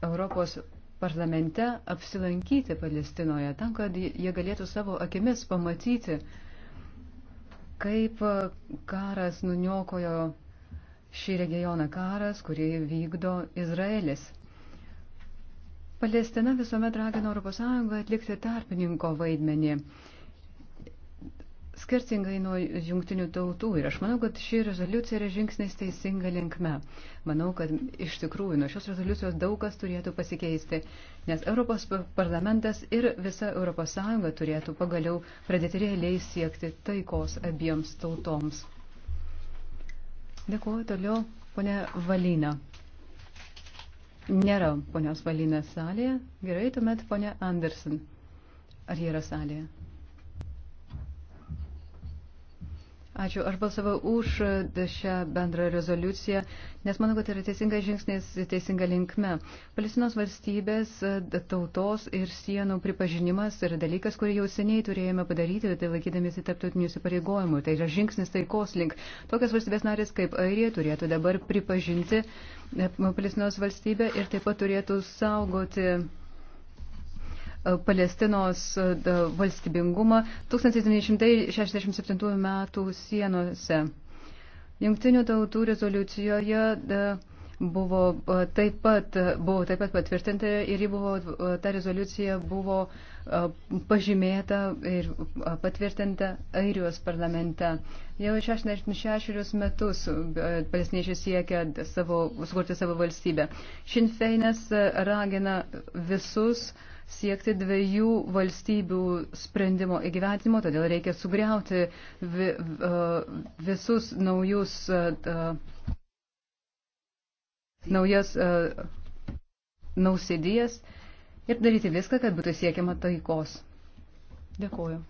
Europos parlamente apsilankyti Palestinoje, tam, kad jie galėtų savo akimis pamatyti, kaip karas nuniokojo šį regioną karas, kurį vykdo Izraelis. Palestina visuomet ragino ES atlikti tarpininko vaidmenį skirtingai nuo jungtinių tautų. Ir aš manau, kad ši rezoliucija yra žingsnis teisinga linkme. Manau, kad iš tikrųjų nuo šios rezoliucijos daug kas turėtų pasikeisti, nes Europos parlamentas ir visa ES turėtų pagaliau pradėti realiai siekti taikos abiems tautoms. Dėkuoju toliau, ponė Valina. Nėra ponios Valinės salėje. Gerai, tuomet ponė Anderson. Ar jie yra salėje? Ačiū. Aš balsavau už šią bendrą rezoliuciją, nes manau, kad tai yra teisingas žingsnis teisinga linkme. Palestinos valstybės, tautos ir sienų pripažinimas yra dalykas, kurį jau seniai turėjome padaryti, tai laikydamėsi tarptautinių įsipareigojimų. Tai yra žingsnis taikos link. Tokias valstybės narės kaip Airija turėtų dabar pripažinti e, Palestinos valstybę ir taip pat turėtų saugoti Palestinos valstybingumą 1967 metų sienose. Jungtinių tautų rezoliucijoje da, buvo taip pat, buvo taip pat patvirtinta ir buvo, ta rezoliucija buvo pažymėta ir patvirtinta Airijos parlamente. Jau 66 metus palestiniečiai siekia savo, sukurti savo valstybę. Šinfeinas ragina visus uh, siekti dviejų valstybių sprendimo įgyventimo, todėl reikia sugriauti vi, visus naujus, naujas nausėdijas ir daryti viską, kad būtų siekiama taikos. Dėkuoju.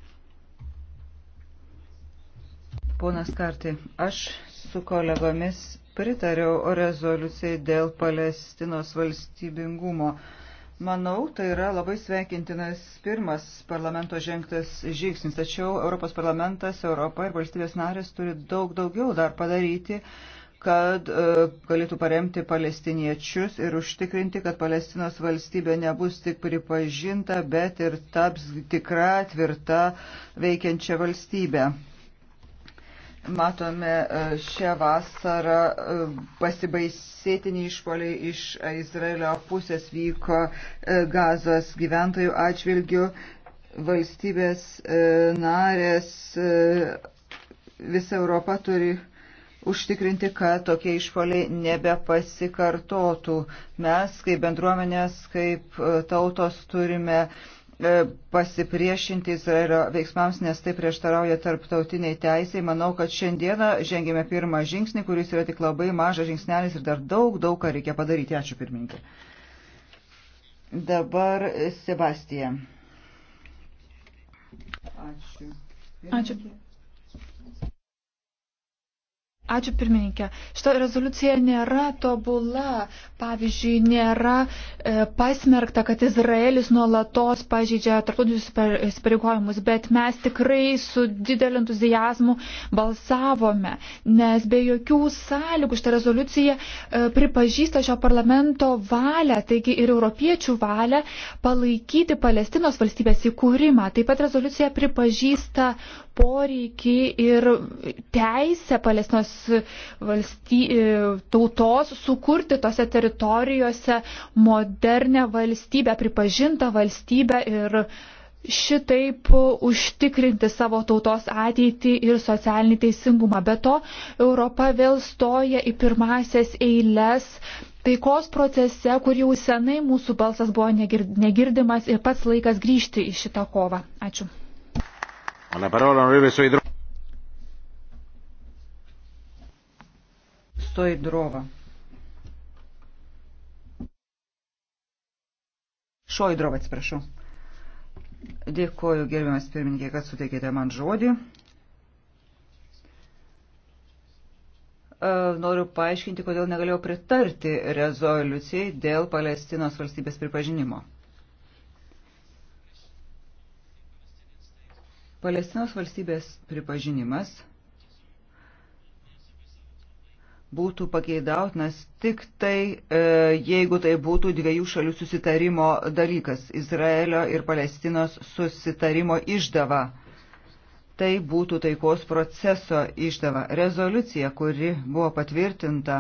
Ponas Karti, aš su kolegomis pritariau rezoliucijai dėl Palestinos valstybingumo. Manau, tai yra labai sveikintinas pirmas parlamento žengtas žingsnis, tačiau Europos parlamentas, Europa ir valstybės narės turi daug daugiau dar padaryti, kad e, galėtų paremti palestiniečius ir užtikrinti, kad Palestinos valstybė nebus tik pripažinta, bet ir taps tikra, tvirta, veikiančia valstybė. Matome e, šią vasarą e, pasibaisėtiniai išpoliai iš Izraelio pusės vyko e, gazos gyventojų atžvilgių valstybės narės visa Europa turi užtikrinti, kad tokie išpoliai nebepasikartotų. Mes kaip bendruomenės, kaip tautos turime uh, E, pasipriešinti Izraelio veiksmams, nes tai prieštarauja tarptautiniai teisai. Manau, kad šiandieną žengėme pirmą žingsnį, kuris yra tik labai mažas žingsnelis ir dar daug, daug ką reikia padaryti. Ačiū pirmininkė. Dabar Sebastija. Ačiū. Ačiū. Ačiū pirmininkė. Šita rezoliucija nėra tobula. Pavyzdžiui, nėra e, pasmerkta, kad Izraelis nuolatos pažydžia tarptautinius įsipareigojimus, bet mes tikrai su dideliu entuzijazmu balsavome, nes be jokių sąlygų šita rezoliucija e, pripažįsta šio parlamento valią, taigi ir europiečių valią palaikyti Palestinos valstybės įkūrimą. Taip pat rezoliucija pripažįsta poreikį ir teisę Palestinos valsty, e, tautos sukurti tose teritorijose modernę valstybę, pripažintą valstybę ir šitaip užtikrinti savo tautos ateitį ir socialinį teisingumą. Be to, Europa vėl stoja į pirmasias eiles taikos procese, kur jau senai mūsų balsas buvo negirdimas ir pats laikas grįžti į šitą kovą. Ačiū. Štoidrova. Šoidrova, atsiprašau. Dėkoju, gerbiamas pirmininkė, kad suteikėte man žodį. E, noriu paaiškinti, kodėl negalėjau pritarti rezoliucijai dėl Palestinos valstybės pripažinimo. Palestinos valstybės pripažinimas – būtų pakeidautinas tik tai, e, jeigu tai būtų dviejų šalių susitarimo dalykas - Izraelio ir Palestinos susitarimo išdava. Tai būtų taikos proceso išdava. Rezoliucija, kuri buvo patvirtinta,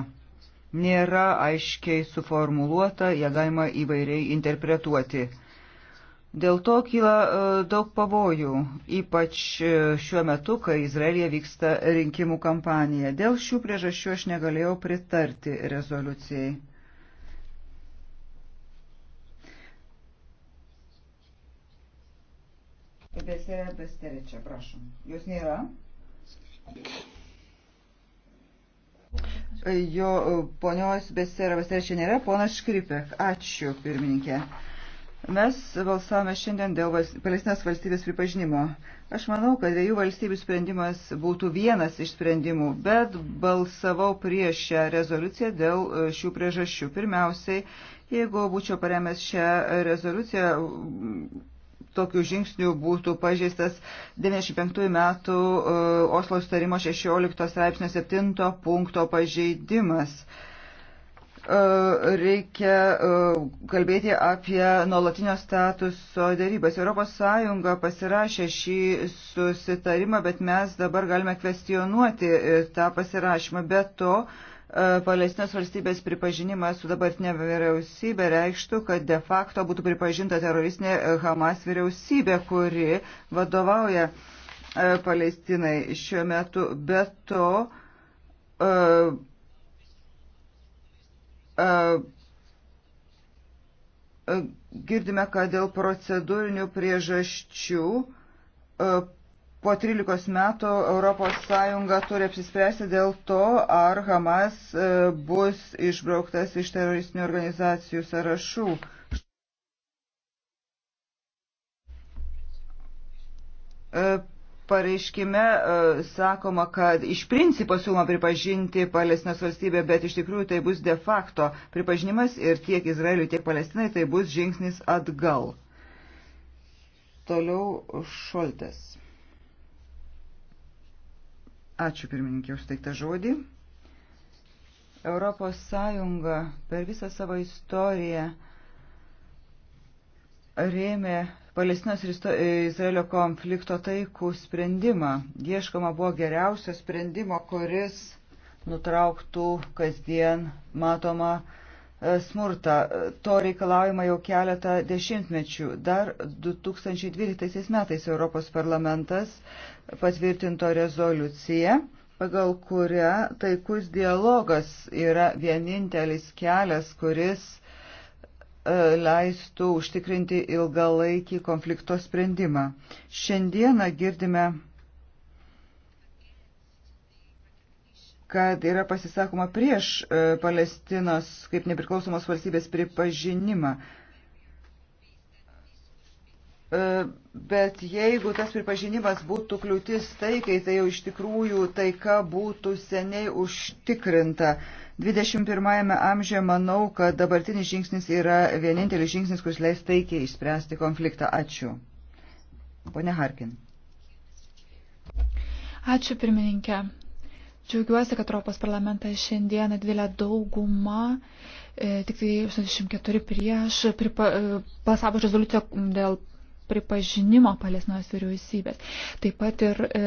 nėra aiškiai suformuluota, ją galima įvairiai interpretuoti. Dėl to kyla e, daug pavojų, ypač e, šiuo metu, kai Izraelija vyksta rinkimų kampanija. Dėl šių priežasčių aš negalėjau pritarti rezoliucijai. Beserė Besterečia, prašom. Jūs nėra? Jo ponios Beserė Besterečia nėra, ponas Škripek. Ačiū, pirmininkė. Mes balsavome šiandien dėl Palestinos valstybės pripažinimo. Aš manau, kad dviejų valstybių sprendimas būtų vienas iš sprendimų, bet balsavau prieš šią rezoliuciją dėl e, šių priežasčių. Pirmiausiai, jeigu būčiau paremęs šią rezoliuciją, tokių žingsnių būtų pažeistas 95 metų e, Oslo sustarimo 16 straipsnio 7 punkto pažeidimas. Uh, E, reikia e, kalbėti apie nuolatinio statuso dėrybas. ES pasirašė šį susitarimą, bet mes dabar galime kvestionuoti e, tą pasirašymą. Be to, Palestinos valstybės pripažinimas su dabartinė vyriausybė reikštų, kad de facto būtų pripažinta teroristinė Hamas vyriausybė, kuri vadovauja Palestinai šiuo metu. Be to, Girdime, kad dėl procedūrinių priežasčių po 13 metų ES turi apsispręsti dėl to, ar Hamas bus išbrauktas iš teroristinių organizacijų sąrašų pareiškime e, sakoma, kad iš principo siūloma pripažinti Palestinos valstybę, bet iš tikrųjų tai bus de facto pripažinimas ir tiek Izraeliui, tiek Palestinai tai bus žingsnis atgal. Toliau Šoltas. Ačiū pirmininkė už teiktą žodį. Europos Sąjunga per visą savo istoriją rėmė Palestinos ir Izraelio konflikto taikų sprendimą. Ieškoma buvo geriausio sprendimo, kuris nutrauktų kasdien matomą e, smurtą. To reikalaujama jau keletą dešimtmečių. Dar 2012 metais Europos parlamentas patvirtinto rezoliuciją, pagal kurią taikus dialogas yra vienintelis kelias, kuris E, leistų užtikrinti ilgalaikį konflikto sprendimą. Šiandieną girdime, kad yra pasisakoma prieš e, Palestinos kaip nepriklausomos valstybės pripažinimą. E, bet jeigu tas pripažinimas būtų kliūtis taikai, tai jau iš tikrųjų taika būtų seniai užtikrinta. 21 amžiuje manau, kad dabartinis žingsnis yra vienintelis žingsnis, kuris leis taikiai išspręsti konfliktą. Ačiū. Pone Harkin. Ačiū pirmininkė. Džiaugiuosi, kad Europos parlamentas šiandieną didelę daugumą, e, tik tai 84 prieš, pripa, e, pasavo rezoliuciją dėl pripažinimo Palestinos vyriausybės. Taip pat ir e,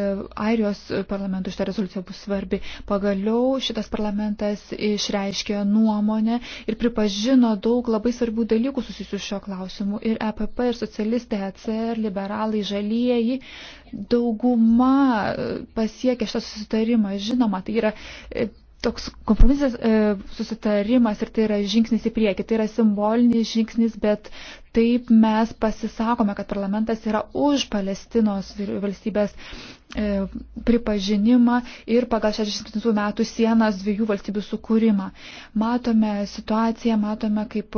Airijos parlamentų šita rezoliucija bus svarbi. Pagaliau šitas parlamentas išreiškė nuomonę ir pripažino daug labai svarbių dalykų susijusių šio klausimu. Ir EPP, ir socialistai, ECR, liberalai, žalieji, dauguma e, pasiekė šitą susitarimą. Žinoma, tai yra e, toks kompromisas e, susitarimas ir tai yra žingsnis į priekį, tai yra simbolinis žingsnis, bet taip mes pasisakome, kad parlamentas yra už Palestinos valstybės E, pripažinimą ir pagal 67 metų sienas dviejų valstybių sukūrimą. Matome situaciją, matome, kaip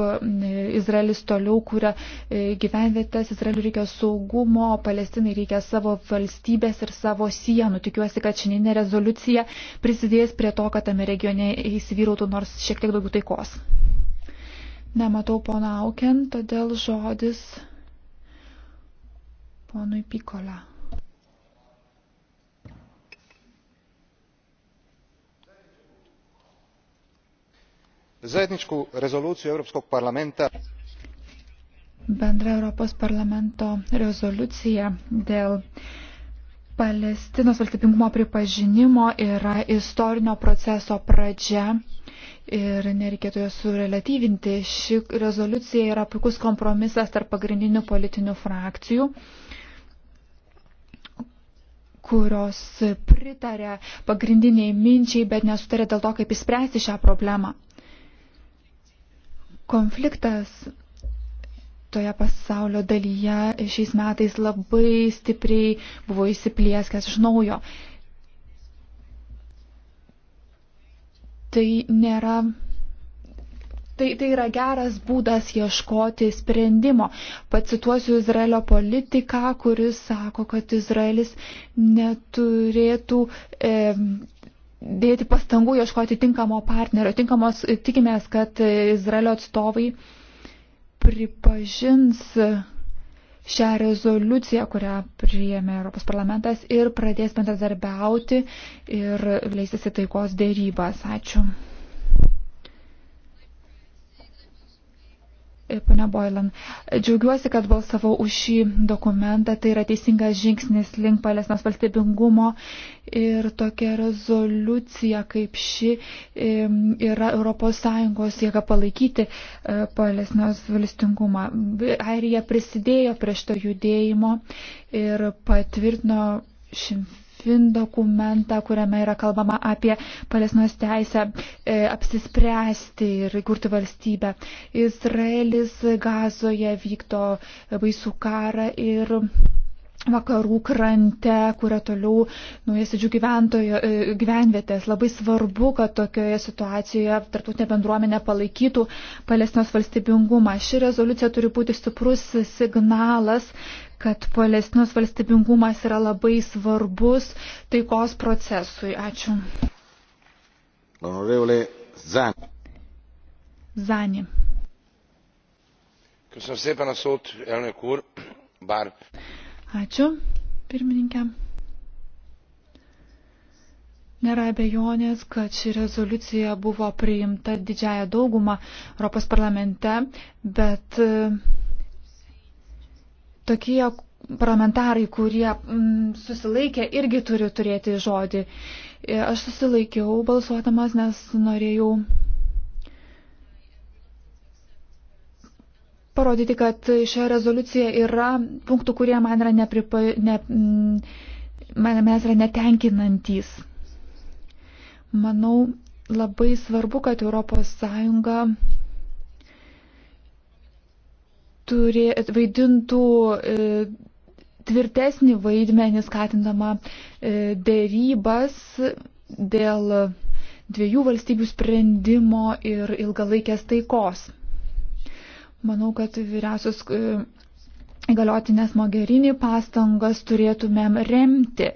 Izraelis toliau kūrė e, gyvenvietės, Izraeliu reikia saugumo, Palestinai reikia savo valstybės ir savo sienų. Tikiuosi, kad šiandieninė rezoliucija prisidės prie to, kad tame regione įsivyrautų nors šiek tiek daugiau taikos. Nematau pono Auken, todėl žodis ponui Pikola. zajedničku rezoliuciju europskog parlamenta bendra europos parlamento rezoliucija dėl palestinos valstybingumo pripažinimo yra istorinio proceso pradžia ir nereikėtų jos surelatyvinti. Ši rezoliucija yra puikus kompromisas tarp pagrindinių politinių frakcijų kurios pritarė pagrindiniai minčiai, bet nesutarė dėl to, kaip įspręsti šią problemą. Konfliktas toje pasaulio dalyje šiais metais labai stipriai buvo įsiplieskęs iš naujo. Tai nėra Tai, tai yra geras būdas ieškoti sprendimo. Pacituosiu Izraelio politiką, kuris sako, kad Izraelis neturėtų e, dėti pastangų ieškoti tinkamo partnerio. Tinkamos, tikimės, kad Izraelio atstovai pripažins šią rezoliuciją, kurią priėmė Europos parlamentas ir pradės bendradarbiauti ir leisis į taikos dėrybas. Ačiū. E, Pane Boilan, džiaugiuosi, kad balsavau už šį dokumentą. Tai yra teisingas žingsnis link palesnos valstybingumo ir tokia rezoliucija kaip ši e, yra ES jėga palaikyti e, palesnos valstybingumą. Airija prisidėjo prie šito judėjimo ir patvirtino šimtą Svin dokumentą, kuriame yra kalbama apie Palestinos teisę e, apsispręsti ir įkurti valstybę. Izraelis gazoje vykdo baisų karą ir vakarų krante, kuria toliau naujasidžių e, gyvenvietės. Labai svarbu, kad tokioje situacijoje tartutinė bendruomenė palaikytų Palestinos valstybingumą. Ši rezoliucija turi būti stiprus signalas kad Palestinos valstybingumas yra labai svarbus taikos procesui. Ačiū. Honorevole Zani. Zani. Köszönöm szépen a szót, elnök úr, bár... Ačiū, pirmininkė. Nėra abejonės, kad ši rezoliucija buvo priimta didžiają daugumą Europos parlamente, bet uh, tokie parlamentarai, kurie mm, susilaikė, irgi turi turėti žodį. E, aš susilaikiau balsuodamas, nes norėjau parodyti, kad šioje rezoliucijoje yra punktų, kurie man yra, nepripa, ne, mm, man, man yra netenkinantis. Manau, labai svarbu, kad ES turi, vaidintų e, tvirtesnį vaidmenį skatindama e, dėrybas dėl dviejų valstybių sprendimo ir ilgalaikės taikos. Manau, kad vyriausios e, galiotinės mogerinį pastangas turėtumėm remti.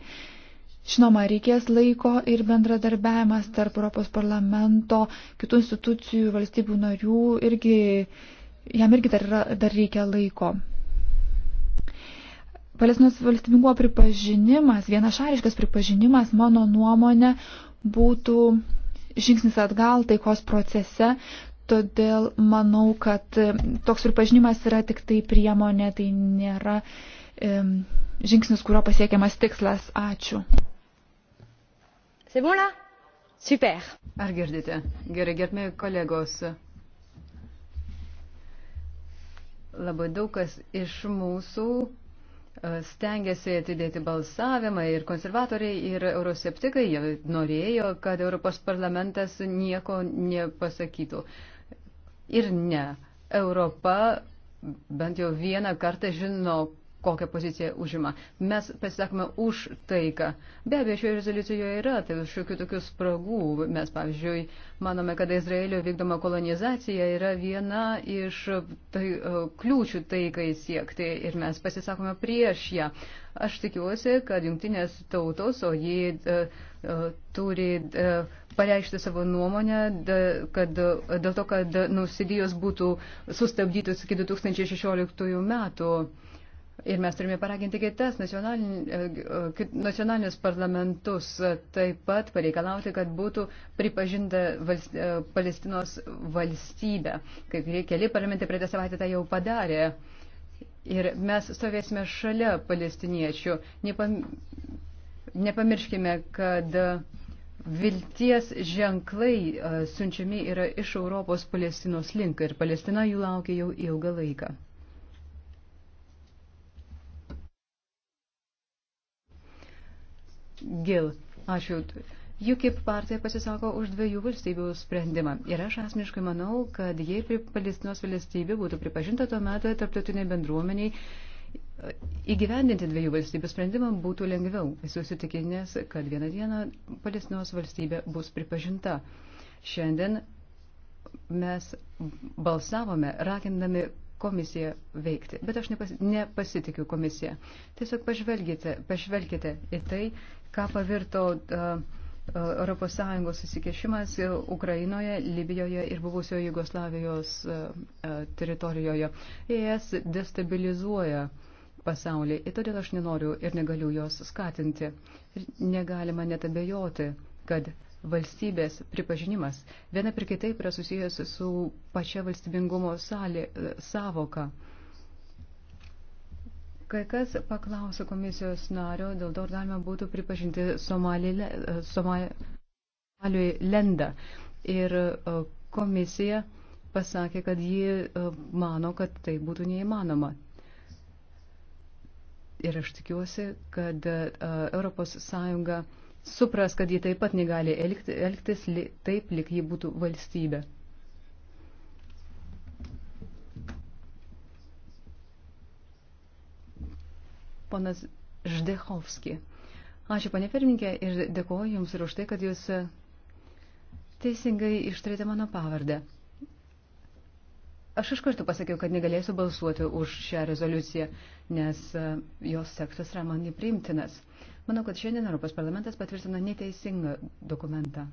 Žinoma, reikės laiko ir bendradarbiavimas tarp Europos parlamento, kitų institucijų, valstybių narių irgi jam irgi dar, yra, dar reikia laiko. Palestinos valstybingumo pripažinimas, vienašariškas pripažinimas, mano nuomonė, būtų žingsnis atgal taikos procese, todėl manau, kad e, toks pripažinimas yra tik tai priemonė, tai nėra e, žingsnis, kurio pasiekiamas tikslas. Ačiū. Simona, super. Ar girdite? Gerai, gerbimi kolegos. Labai daug kas iš mūsų e, stengiasi atidėti balsavimą ir konservatoriai, ir euroseptikai norėjo, kad Europos parlamentas nieko nepasakytų. Ir ne, Europa bent jau vieną kartą žino, kokią poziciją užima. Mes pasisakome už taiką. Be abejo, šioje rezoliucijoje yra tai šiokių tokių spragų. Mes, pavyzdžiui, manome, kad Izraelio vykdoma kolonizacija yra viena iš tai, e, kliūčių taikai siekti ir mes pasisakome prieš ją. Aš tikiuosi, kad jungtinės tautos, o jį uh, uh, turi uh, pareikšti savo nuomonę, kad dėl to, kad nusidijos būtų sustabdytos iki 2016 metų. Ir mes turime paraginti kitas e, e, nacionalinius parlamentus e, taip pat pareikalauti, kad būtų pripažinta valst, Palestinos valstybė. Kai keli parlamentai praeitą savaitę tą jau padarė. Ir mes stovėsime šalia palestiniečių. Nepam, nepamirškime, kad vilties ženklai siunčiami yra iš Europos Palestinos link ir Palestina jų laukia jau ilgą laiką. Gil. Ačiū. UKIP partija pasisako už dviejų valstybių sprendimą. Ir aš asmeniškai manau, kad jei Palestinos valstybė būtų pripažinta tuo metu tarptautiniai bendruomeniai, e, įgyvendinti dviejų valstybių sprendimą būtų lengviau. Esu įsitikinęs, kad vieną dieną Palestinos valstybė bus pripažinta. Šiandien mes balsavome, ragindami komisiją veikti. Bet aš nepas, nepasitikiu komisiją. Tiesiog pažvelgite, pažvelgite į tai, ką pavirto uh, ES susikėšimas e, Ukrainoje, Libijoje ir buvusioje Jugoslavijos uh, teritorijoje. ES destabilizuoja pasaulį ir todėl aš nenoriu ir negaliu jos skatinti. Ir negalima net abejoti, kad valstybės pripažinimas viena per kitaip yra susijęs su pačia valstybingumo salė, e, savoka. Kai kas paklausė komisijos nario, dėl to galima būtų pripažinti Somalį, e, Somaliui lendą. Ir e, komisija pasakė, kad ji mano, kad tai būtų neįmanoma. Ir aš tikiuosi, kad ES supras, kad ji taip pat negali elgti, elgtis li, taip, lik ji būtų valstybė. Ponas Ždechovski. Ačiū, panė pirmininkė, ir dėkuoju Jums ir už tai, kad Jūs teisingai ištarėte mano pavardę. Aš iš karto pasakiau, kad negalėsiu balsuoti už šią rezoliuciją, nes e, jos sektas yra man nepriimtinas. Manau, kad šiandien Europos parlamentas patvirtina neteisingą dokumentą.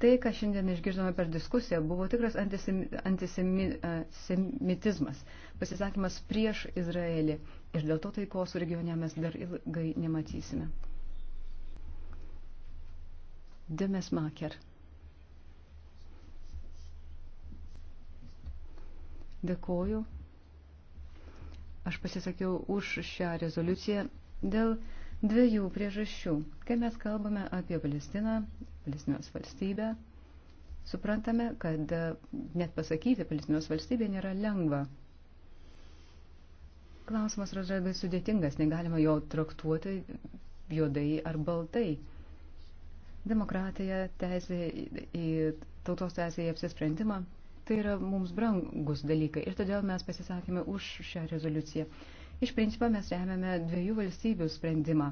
Tai, ką šiandien išgirdome per diskusiją, buvo tikras antisemitizmas, pasisakymas prieš Izraelį. Ir dėl to taikos regione mes dar ilgai nematysime. Demes Maker. Dėkoju. Aš pasisakiau už šią rezoliuciją dėl dviejų priežasčių. Kai mes kalbame apie Palestiną, Palestinos valstybę, suprantame, kad e, net pasakyti Palestinos valstybė nėra lengva. Klausimas yra labai sudėtingas, negalima jo traktuoti juodai ar baltai. Demokratija, teisė į tautos teisę į apsisprendimą Tai yra mums brangus dalykai ir todėl mes pasisakėme už šią rezoliuciją. Iš principo mes remiame dviejų valstybių sprendimą.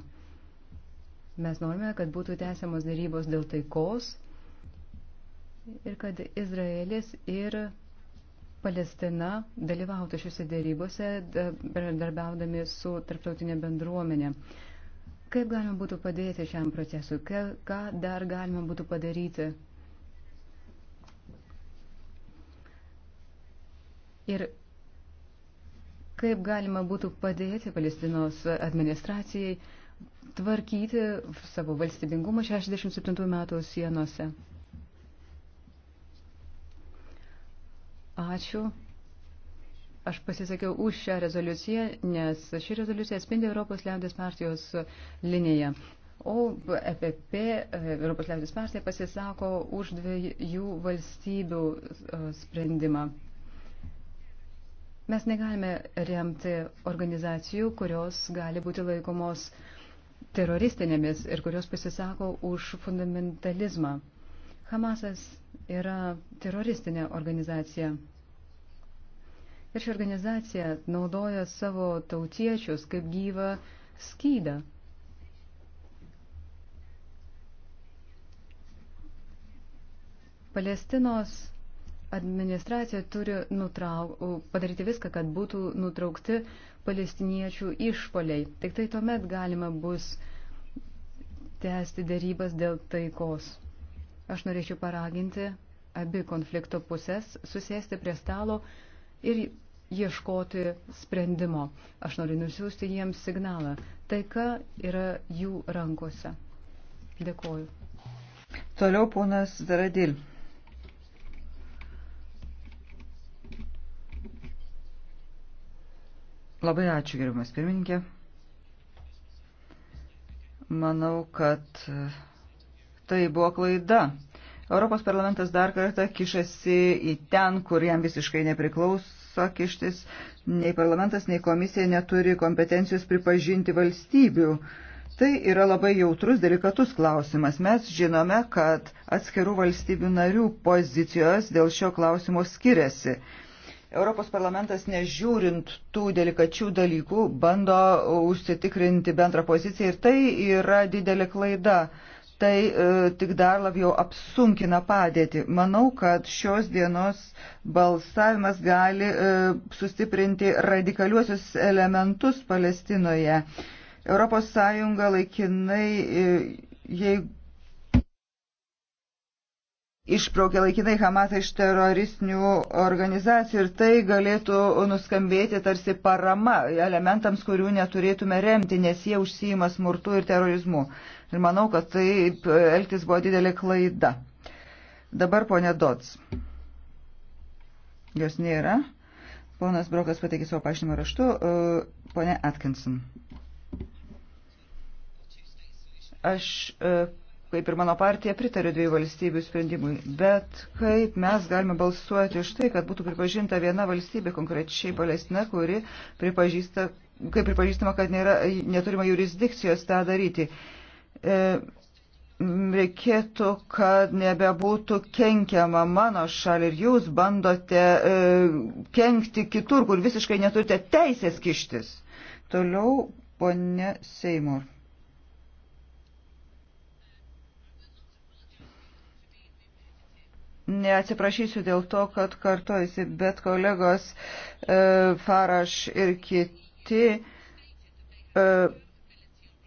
Mes norime, kad būtų tęsiamos darybos dėl taikos ir kad Izraelis ir Palestina dalyvautų šiuose dėrybose, bendradarbiaudami su tarptautinė bendruomenė. Kaip galima būtų padėti šiam procesui? Ką dar galima būtų padaryti? Ir kaip galima būtų padėti Palestinos administracijai tvarkyti savo valstybingumą 67 metų sienose. Ačiū. Aš pasisakiau už šią rezoliuciją, nes ši rezoliucija atspindi Europos liaudės partijos liniją. O EPP, e, Europos liaudės partija, pasisako už dviejų valstybių e, sprendimą. Mes negalime remti organizacijų, kurios gali būti laikomos teroristinėmis ir kurios pasisako už fundamentalizmą. Hamasas yra teroristinė organizacija. Ir ši organizacija naudoja savo tautiečius kaip gyvą skydą. Palestinos administracija turi nutrauk, padaryti viską, kad būtų nutraukti palestiniečių išpoliai. Tik tai tuomet galima bus tęsti dėrybas dėl taikos. Aš norėčiau paraginti abi konflikto pusės susėsti prie stalo ir ieškoti sprendimo. Aš noriu nusiųsti jiems signalą. Taika yra jų rankose. Dėkoju. Toliau ponas Zaradil. Labai ačiū, gerbiamas pirmininkė. Manau, kad tai buvo klaida. Europos parlamentas dar kartą kišasi į ten, kur jam visiškai nepriklauso kištis. Nei parlamentas, nei komisija neturi kompetencijos pripažinti valstybių. Tai yra labai jautrus, delikatus klausimas. Mes žinome, kad atskirų valstybių narių pozicijos dėl šio klausimo skiriasi. Europos parlamentas, nežiūrint tų delikačių dalykų, bando užsitikrinti bendrą poziciją ir tai yra didelė klaida. Tai e, tik dar labiau apsunkina padėtį. Manau, kad šios dienos balsavimas gali e, sustiprinti radikaliuosius elementus Palestinoje. Europos Sąjunga laikinai, e, jeigu išbraukė laikinai Hamasą iš teroristinių organizacijų ir tai galėtų nuskambėti tarsi parama elementams, kurių neturėtume remti, nes jie užsijima smurtu ir terorizmu. Ir manau, kad taip elgtis buvo didelė klaida. Dabar ponė Dots. Jos nėra. Ponas Brokas pateikė savo paaiškinimą raštu. E, Pone Atkinson. Aš e, kaip ir mano partija, pritarė dviejų valstybių sprendimui. Bet kaip mes galime balsuoti už tai, kad būtų pripažinta viena valstybė, konkrečiai Palestina, kuri pripažįsta, kaip pripažįstama, kad nėra, neturima jurisdikcijos tą daryti. E, reikėtų, kad nebebūtų kenkiama mano šalį ir jūs bandote e, kenkti kitur, kur visiškai neturite teisės kištis. Toliau, ponė Seimur. Neatsiprašysiu dėl to, kad kartojasi, bet kolegos e, Faraš ir kiti e,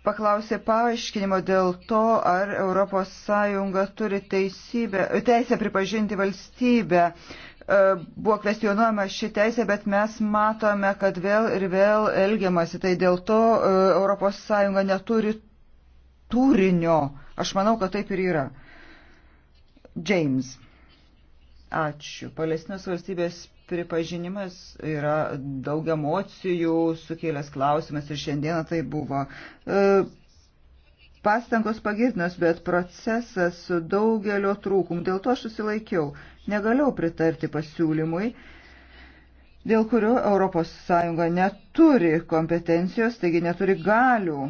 paklausė paaiškinimo dėl to, ar ES turi teisybę, teisę pripažinti valstybę. E, buvo kvestionuojama ši teisė, bet mes matome, kad vėl ir vėl elgiamasi. Tai dėl to ES neturi turinio. Aš manau, kad taip ir yra. James. Ačiū. Palestinos valstybės pripažinimas yra daug emocijų sukėlęs klausimas ir šiandieną tai buvo. E, pastangos pagirtinos, bet procesas su daugelio trūkum. Dėl to aš susilaikiau. Negaliau pritarti pasiūlymui, dėl kurio ES neturi kompetencijos, taigi neturi galių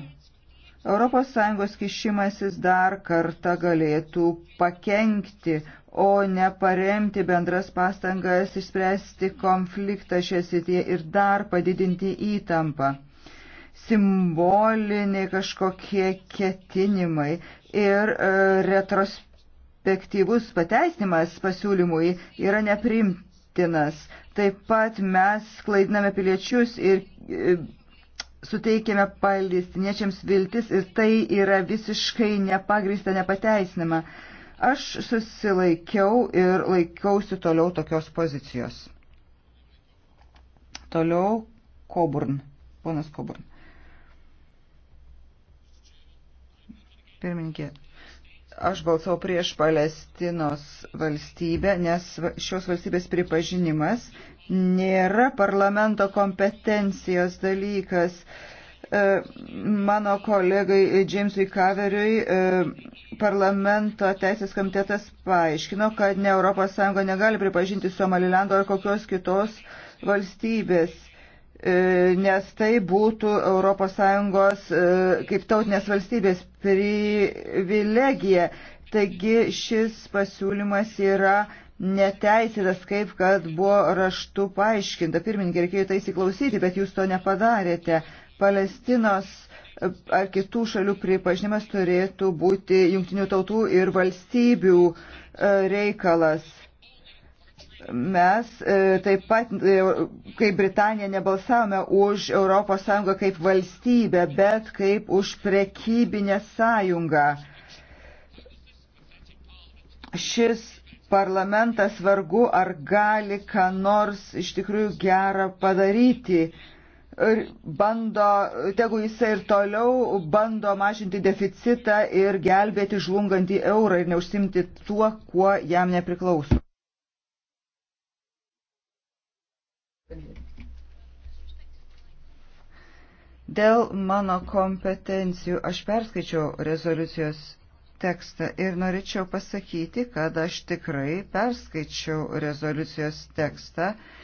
ES kišimasis dar kartą galėtų pakenkti o ne paremti bendras pastangas išspręsti konfliktą šioje srityje ir dar padidinti įtampą. Simboliniai kažkokie ketinimai ir e, retrospektyvus pateisinimas pasiūlymui yra neprimtinas. Taip pat mes klaidiname piliečius ir e, suteikiame palestiniečiams viltis ir tai yra visiškai nepagrįsta, nepateisinama. E, Aš susilaikiau ir laikiausi toliau tokios pozicijos. Toliau Koburn. Ponas Koburn. Pirmininkė, aš balsau prieš Palestinos valstybę, nes šios valstybės pripažinimas nėra parlamento kompetencijos dalykas. Uh, E, mano kolegai Džeimsui Kaveriui e, parlamento teisės komitetas paaiškino, kad ne ES negali pripažinti Somalilando ar kokios kitos valstybės, e, nes tai būtų ES kaip tautinės valstybės privilegija. Taigi šis pasiūlymas yra neteisėtas, kaip kad buvo raštu paaiškinta. Pirmininkė, reikėjo tai įsiklausyti, bet jūs to nepadarėte. Palestinos e, ar kitų šalių pripažinimas turėtų būti jungtinių tautų ir valstybių e, reikalas. Mes e, taip pat, kaip Britanija, nebalsavome už ES kaip valstybę, bet kaip už prekybinę sąjungą. Šis parlamentas vargu ar gali ką nors iš tikrųjų gerą padaryti. Uh, bando, tegu jisai ir toliau bando mažinti deficitą ir gelbėti žlungantį eurą ir neužsimti tuo, kuo jam nepriklauso. Dėl mano kompetencijų aš perskaičiau rezoliucijos tekstą ir norėčiau pasakyti, kad aš tikrai perskaičiau rezoliucijos tekstą. Uh,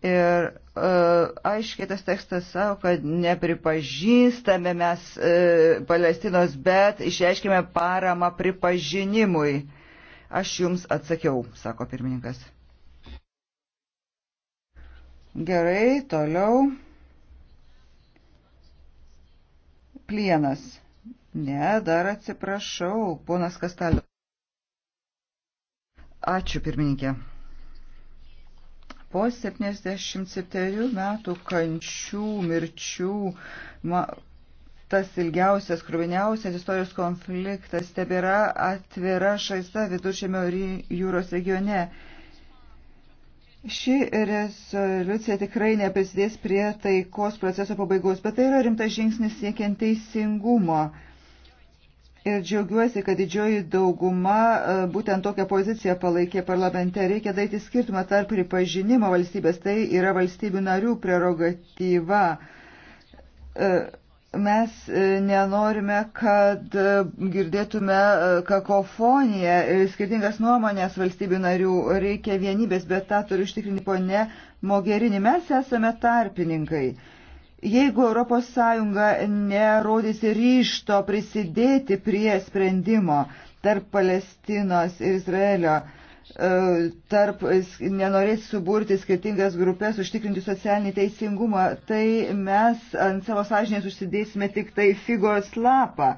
Ir uh, aiškiai tas tekstas savo, kad nepripažįstame mes uh, Palestinos, bet išreiškime paramą pripažinimui. Aš jums atsakiau, sako pirmininkas. Gerai, toliau. Plienas. Ne, dar atsiprašau, ponas Kastalio. Ačiū, pirmininkė. Po 77 metų kančių, mirčių, ma, tas ilgiausias, kruviniausias istorijos konfliktas tebėra atvira šaisa viduržėmio jūros regione. Ši rezoliucija tikrai neprisidės prie taikos proceso pabaigos, bet tai yra rimtas žingsnis siekiant teisingumo. Ir džiaugiuosi, kad didžioji dauguma e, būtent tokią poziciją palaikė parlamente. Reikia daryti skirtumą tarp pripažinimo valstybės. Tai yra valstybių narių prerogatyva. E, mes e, nenorime, kad girdėtume kakofoniją ir skirtingas nuomonės valstybių narių. Reikia vienybės, bet tą turi užtikrinti ponė Mogerini. Mes esame tarpininkai. Jeigu ES nerodys ryšto prisidėti prie sprendimo tarp Palestinos ir Izraelio, e, tarp nenorės suburti skirtingas grupės, užtikrinti socialinį teisingumą, tai mes ant savo sąžinės užsidėsime tik tai figos lapą.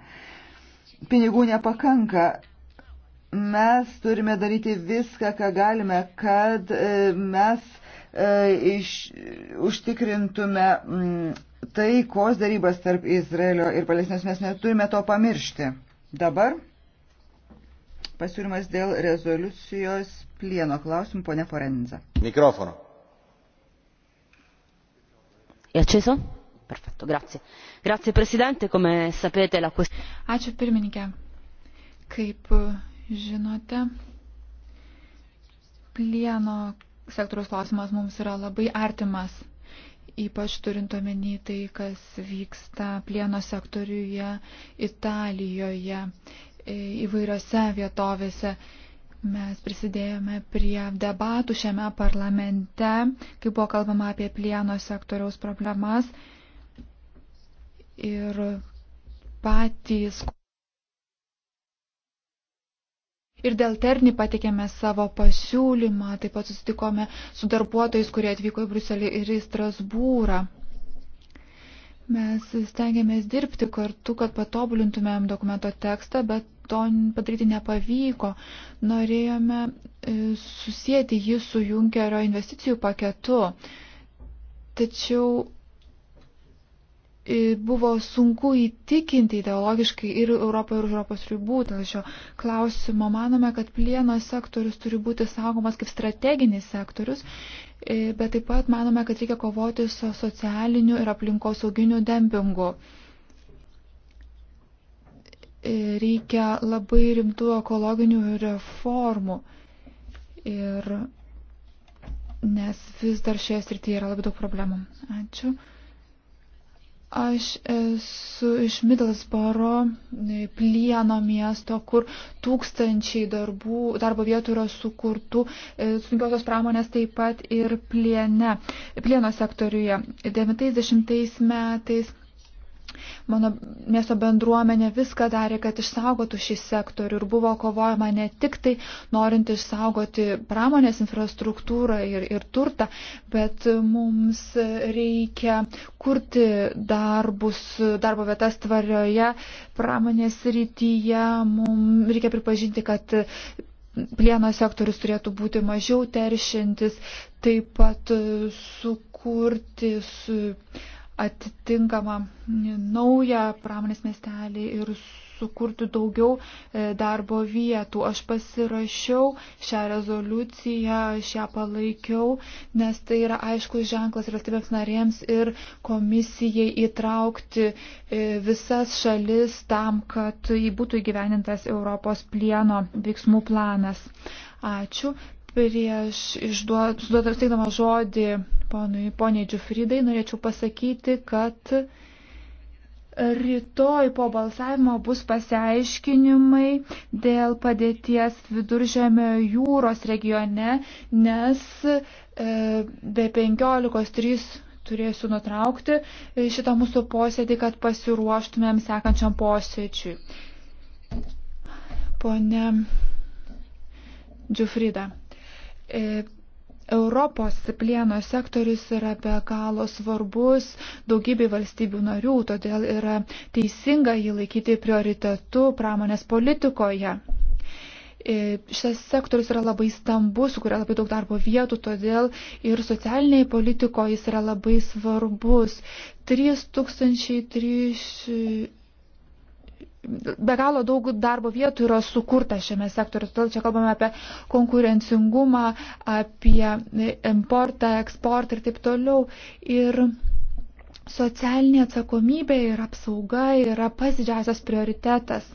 Pinigų nepakanka. Mes turime daryti viską, ką galime, kad e, mes E, iš, užtikrintume mm, taikos darybas tarp Izraelio ir Palestinos, mes neturime to pamiršti. Dabar pasiūlymas dėl rezoliucijos plieno klausimų, ponė Forenza. Mikrofono. E acceso? Perfetto, grazie. Grazie Presidente, come sapete la questione... Ačiū pirmininkė. Kaip žinote, plieno sektoriaus klausimas mums yra labai artimas, ypač turint omeny tai, kas vyksta plieno sektoriuje Italijoje, e, įvairiose vietovėse. Mes prisidėjome prie debatų šiame parlamente, kai buvo kalbama apie plieno sektoriaus problemas ir patys. Ir dėl Terni patikėme savo pasiūlymą, taip pat susitikome su darbuotojais, kurie atvyko į Bruselį ir į Strasbūrą. Mes stengiamės dirbti kartu, kad patobulintumėm dokumento tekstą, bet to padaryti nepavyko. Norėjome e, susijęti jį su Junkerio investicijų paketu. Tačiau buvo sunku įtikinti ideologiškai ir Europoje, ir už Europos ribų dėl šio klausimo. Manome, kad plieno sektorius turi būti saugomas kaip strateginis sektorius, bet taip pat manome, kad reikia kovoti su socialiniu ir aplinkosauginiu dempingu. Reikia labai rimtų ekologinių reformų. Ir nes vis dar šioje srityje yra labai daug problemų. Ačiū. Aš esu iš Middlesboro plieno miesto, kur tūkstančiai darbų, darbo vietų yra sukurtų e, sunkiosios pramonės taip pat ir pliene, plieno sektoriuje. 90 metais Mano miesto bendruomenė viską darė, kad išsaugotų šį sektorių ir buvo kovojama ne tik tai norint išsaugoti pramonės infrastruktūrą ir, ir turtą, bet mums reikia kurti darbus, darbo vietas tvarioje pramonės rytyje. Mums reikia pripažinti, kad plieno sektorius turėtų būti mažiau teršintis, taip pat sukurti su atitinkamą naują pramonės miestelį ir sukurti daugiau e, darbo vietų. Aš pasirašiau šią rezoliuciją, aš ją palaikiau, nes tai yra aiškus ženklas ir valstybėms narėms ir komisijai įtraukti e, visas šalis tam, kad būtų įgyvenintas Europos plieno veiksmų planas. Ačiū. Prieš išduot, teikdama žodį ponui, poniai Džiufridai, norėčiau pasakyti, kad rytoj po balsavimo bus pasiaiškinimai dėl padėties viduržėmio jūros regione, nes e, be 15.3 turėsiu nutraukti šitą mūsų posėdį, kad pasiruoštumėm sekančiam posėdžiui. Pone Džiufrida. E, Europos plieno sektorius yra be galo svarbus daugybei valstybių narių, todėl yra teisinga jį laikyti prioritetu pramonės politikoje. E, šis sektorius yra labai stambus, sukuria labai daug darbo vietų, todėl ir socialiniai politikoje jis yra labai svarbus. 3300 be galo daug darbo vietų yra sukurta šiame sektoriu. Todėl čia kalbame apie konkurencingumą, apie importą, eksportą ir taip toliau. Ir socialinė atsakomybė ir apsauga yra pats didžiausias prioritetas.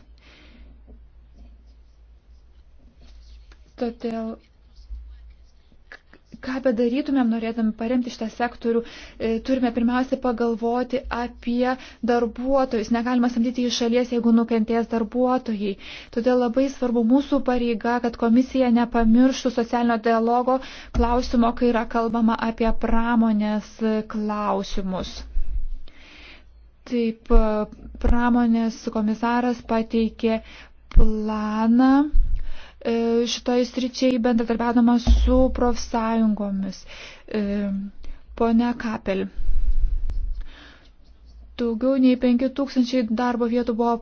Todėl ką bedarytumėm, norėdami paremti šitą sektorių, e, turime pirmiausia pagalvoti apie darbuotojus. Negalima samdyti iš šalies, jeigu nukentės darbuotojai. Todėl labai svarbu mūsų pareiga, kad komisija nepamirštų socialinio dialogo klausimo, kai yra kalbama apie pramonės klausimus. Taip, e, pramonės komisaras pateikė planą E, šitoj sričiai bendradarbiavama su profsąjungomis. E, pone Kapel, daugiau nei 5000 darbo vietų buvo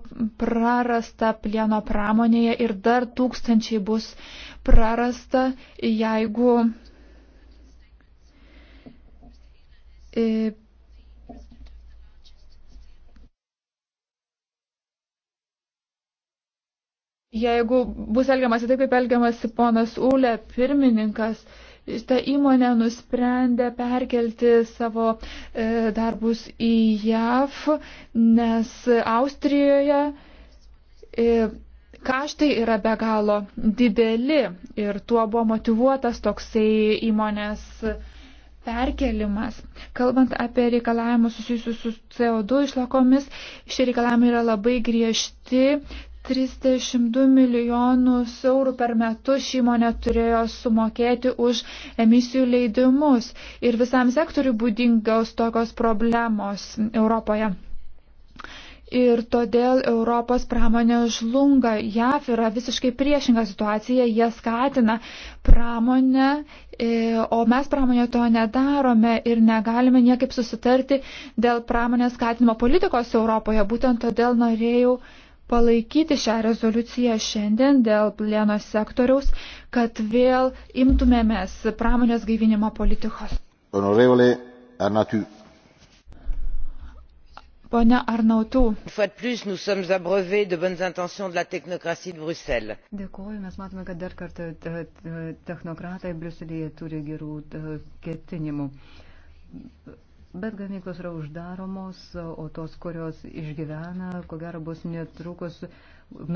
prarasta plieno pramonėje ir dar tūkstančiai bus prarasta, jeigu e, Jeigu bus elgiamasi taip, kaip elgiamasi ponas Ūlė, pirmininkas, šitą įmonę nusprendė perkelti savo e, darbus į JAV, nes Austrijoje e, kaštai yra be galo dideli ir tuo buvo motivuotas toksai įmonės perkelimas. Kalbant apie reikalavimus susijusius su CO2 išlakomis, šie reikalavimai yra labai griežti, 32 milijonus eurų per metus ši įmonė turėjo sumokėti už emisijų leidimus ir visam sektoriu būdingos tokios problemos Europoje. Ir todėl Europos pramonė žlunga. JAF yra visiškai priešinga situacija, jie skatina pramonę, e, o mes pramonė to nedarome ir negalime niekaip susitarti dėl pramonės skatinimo politikos Europoje. Būtent todėl norėjau uh, palaikyti šią rezoliuciją šiandien dėl plėno sektoriaus, kad vėl imtumėmės pramonės gaivinimo politikos. Honorevole Arnatu. Pone Arnautų. Dėkuoju, mes matome, kad dar kartą technokratai Briuselėje turi gerų ketinimų Bet gamyklos yra uždaromos, o tos, kurios išgyvena, ko gero bus netrukus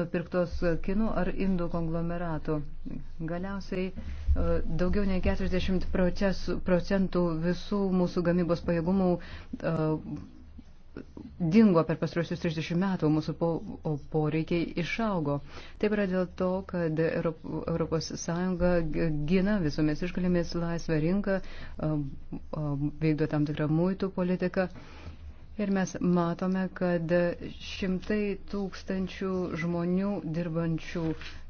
nupirktos kinų ar indų konglomeratų. Galiausiai e, daugiau nei 40 procentų visų mūsų gamybos pajėgumų e, dingo per pastruosius 30 metų, mūsų poreikiai išaugo. Taip yra dėl to, kad ES gina visomis išgalėmis laisvę rinką, vykdo tam tikrą muitų politiką. Ir mes matome, kad šimtai tūkstančių žmonių dirbančių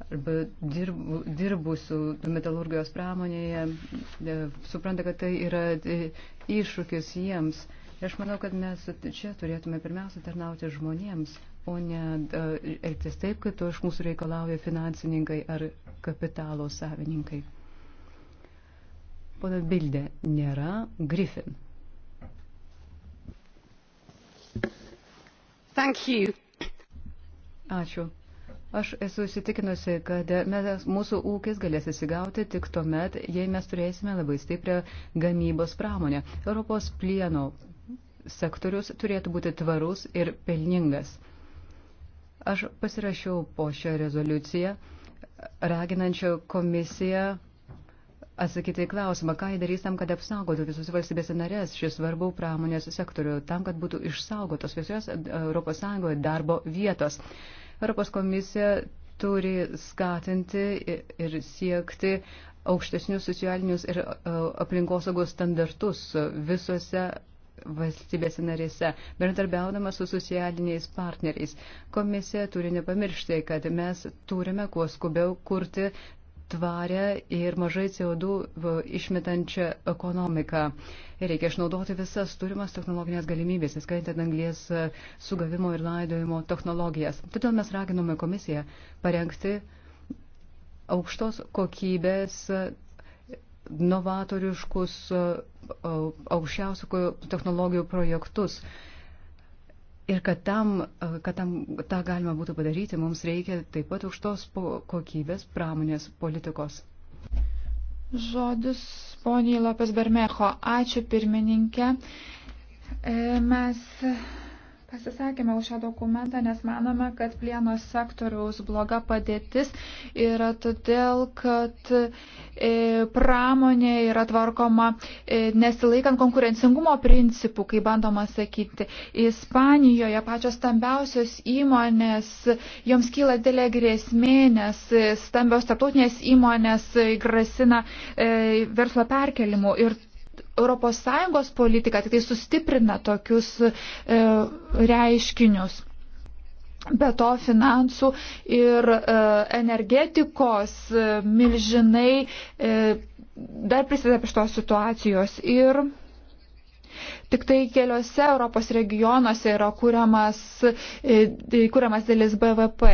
arba dirb, dirbusių metalurgijos pramonėje e, supranta, kad tai yra e, iššūkis jiems. Ir aš manau, kad mes čia turėtume pirmiausia tarnauti žmonėms, o ne uh, elgtis taip, kad to iš mūsų reikalauja finansininkai ar kapitalo savininkai. Pana Bildė nėra Griffin. Thank you. Ačiū. Aš esu įsitikinusi, kad mes, mūsų ūkis galės įsigauti tik tuomet, jei mes turėsime labai stiprią gamybos pramonę. Europos plieno sektorius turėtų būti tvarus ir pelningas. Aš pasirašiau po šią rezoliuciją, raginančią komisiją atsakyti į klausimą, ką jį darys tam, kad apsaugotų visus valstybės narės šį svarbų pramonės sektorių, tam, kad būtų išsaugotos visos ES darbo vietos. Europos komisija turi skatinti ir siekti aukštesnius socialinius ir e, aplinkosaugos standartus visose valstybėse narėse, bendradarbiaudama su socialiniais partneriais. Komisija turi nepamiršti, kad mes turime kuo skubiau kurti tvarę ir mažai CO2 išmetančią ekonomiką. Reikia išnaudoti visas turimas technologinės galimybės, įskaitant anglies sugavimo ir laidojimo technologijas. Todėl mes raginome komisiją parengti aukštos kokybės novatoriškus e, e, aukščiausių technologijų projektus. Ir kad tam, e, kad tam tą galima būtų padaryti, mums reikia taip pat aukštos kokybės pramonės politikos. Žodis poniai Lopes Bermecho. Ačiū pirmininkė. Mes pasisakėme už šią dokumentą, nes manome, kad plieno sektoriaus bloga padėtis yra todėl, kad e, pramonė yra tvarkoma e, nesilaikant konkurencingumo principų, kaip bandoma sakyti. Ispanijoje pačios stambiausios įmonės, joms kyla dėlė grėsmė, nes stambios tarptautinės įmonės grasina e, verslo perkelimu. Ir ES politika tik tai sustiprina tokius e, reiškinius. Be to finansų ir e, energetikos e, milžinai e, dar prisideda prie šitos situacijos. Ir Tik tai keliose Europos regionuose yra kuriamas, e, kuriamas dėlis BVP.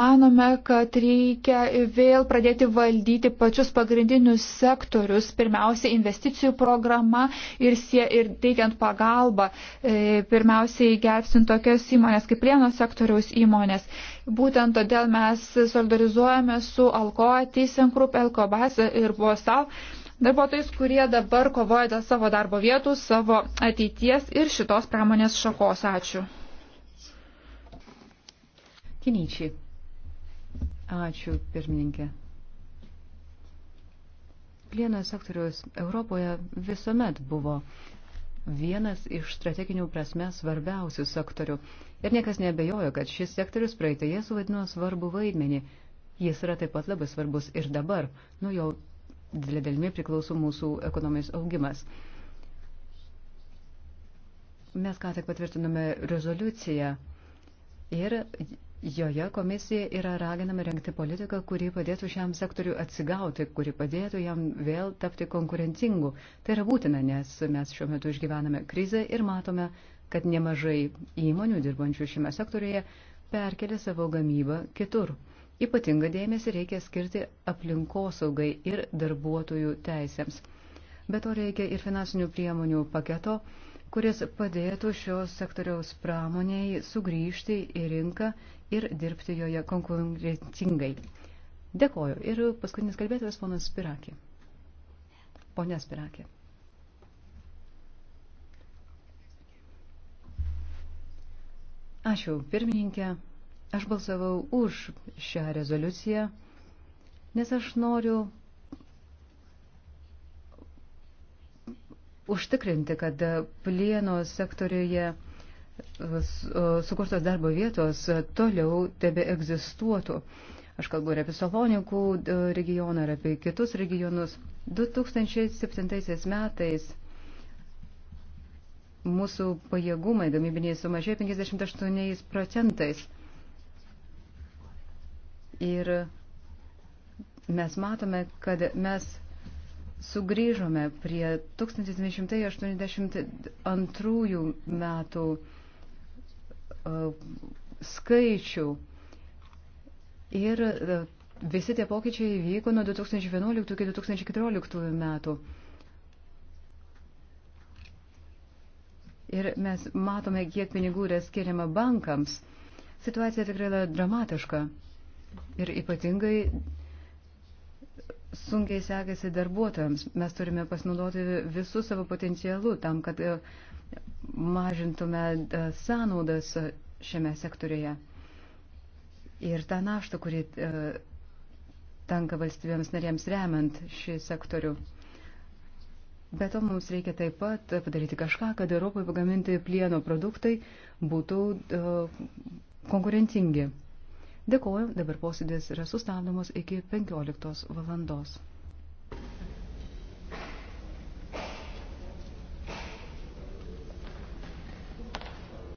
Manome, kad reikia vėl pradėti valdyti pačius pagrindinius sektorius, pirmiausia investicijų programa ir, sie, ir teikiant pagalbą, e, pirmiausiai gelbstint tokias įmonės kaip plieno sektoriaus įmonės. Būtent todėl mes solidarizuojame su Alkoa, Tysenkrup, Elkobas ir Bosal. Buvo darbuotojais, kurie dabar kovoja dėl savo darbo vietų, savo ateities ir šitos pramonės šakos. Ačiū. Kinyčiai. Ačiū, pirmininkė. Plieno sektorius Europoje visuomet buvo vienas iš strateginių prasme svarbiausių sektorių. Ir niekas nebejojo, kad šis sektorius praeitėje suvaidino svarbu vaidmenį. Jis yra taip pat labai svarbus ir dabar. Nuo jo didelė dalimi priklauso mūsų ekonomijos augimas. Mes ką tik patvirtinome rezoliuciją ir joje komisija yra raginama rengti politiką, kuri padėtų šiam sektoriu atsigauti, kuri padėtų jam vėl tapti konkurencingu. Tai yra būtina, nes mes šiuo metu išgyvename krizę ir matome, kad nemažai įmonių dirbančių šiame sektoriuje perkelia savo gamybą kitur. Ypatingą dėmesį reikia skirti aplinkosaugai ir darbuotojų teisėms. Bet to reikia ir finansinių priemonių paketo, kuris padėtų šios sektoriaus pramoniai sugrįžti į rinką ir dirbti joje konkurencingai. Dėkoju. Ir paskutinis kalbėtojas ponas Spirakė. Pone Spirakė. Ačiū, pirmininkė. Aš balsavau už šią rezoliuciją, nes aš noriu užtikrinti, kad plieno sektoriuje sukurtos darbo vietos toliau tebe egzistuotų. Aš kalbu ir apie Salonikų e, regioną, ir apie kitus regionus. 2007 metais mūsų pajėgumai gamybiniai sumažėjo 58 procentais. Ir mes matome, kad mes sugrįžome prie 1982 metų skaičių. Ir visi tie pokyčiai vyko nuo 2011 iki 2014 metų. Ir mes matome, kiek pinigų yra skiriama bankams. Situacija tikrai yra dramatiška ir ypatingai sunkiai sekasi darbuotojams. Mes turime pasinaudoti visų savo potencialų tam, kad e, mažintume e, sąnaudas šiame sektorėje. Ir tą naštą, kuri e, tenka valstybėms narėms remiant šį sektorių. Be to mums reikia taip pat padaryti kažką, kad Europoje pagaminti plieno produktai būtų uh, konkurencingi. Dėkoju, dabar posėdis yra sustabdomas iki 15 valandos.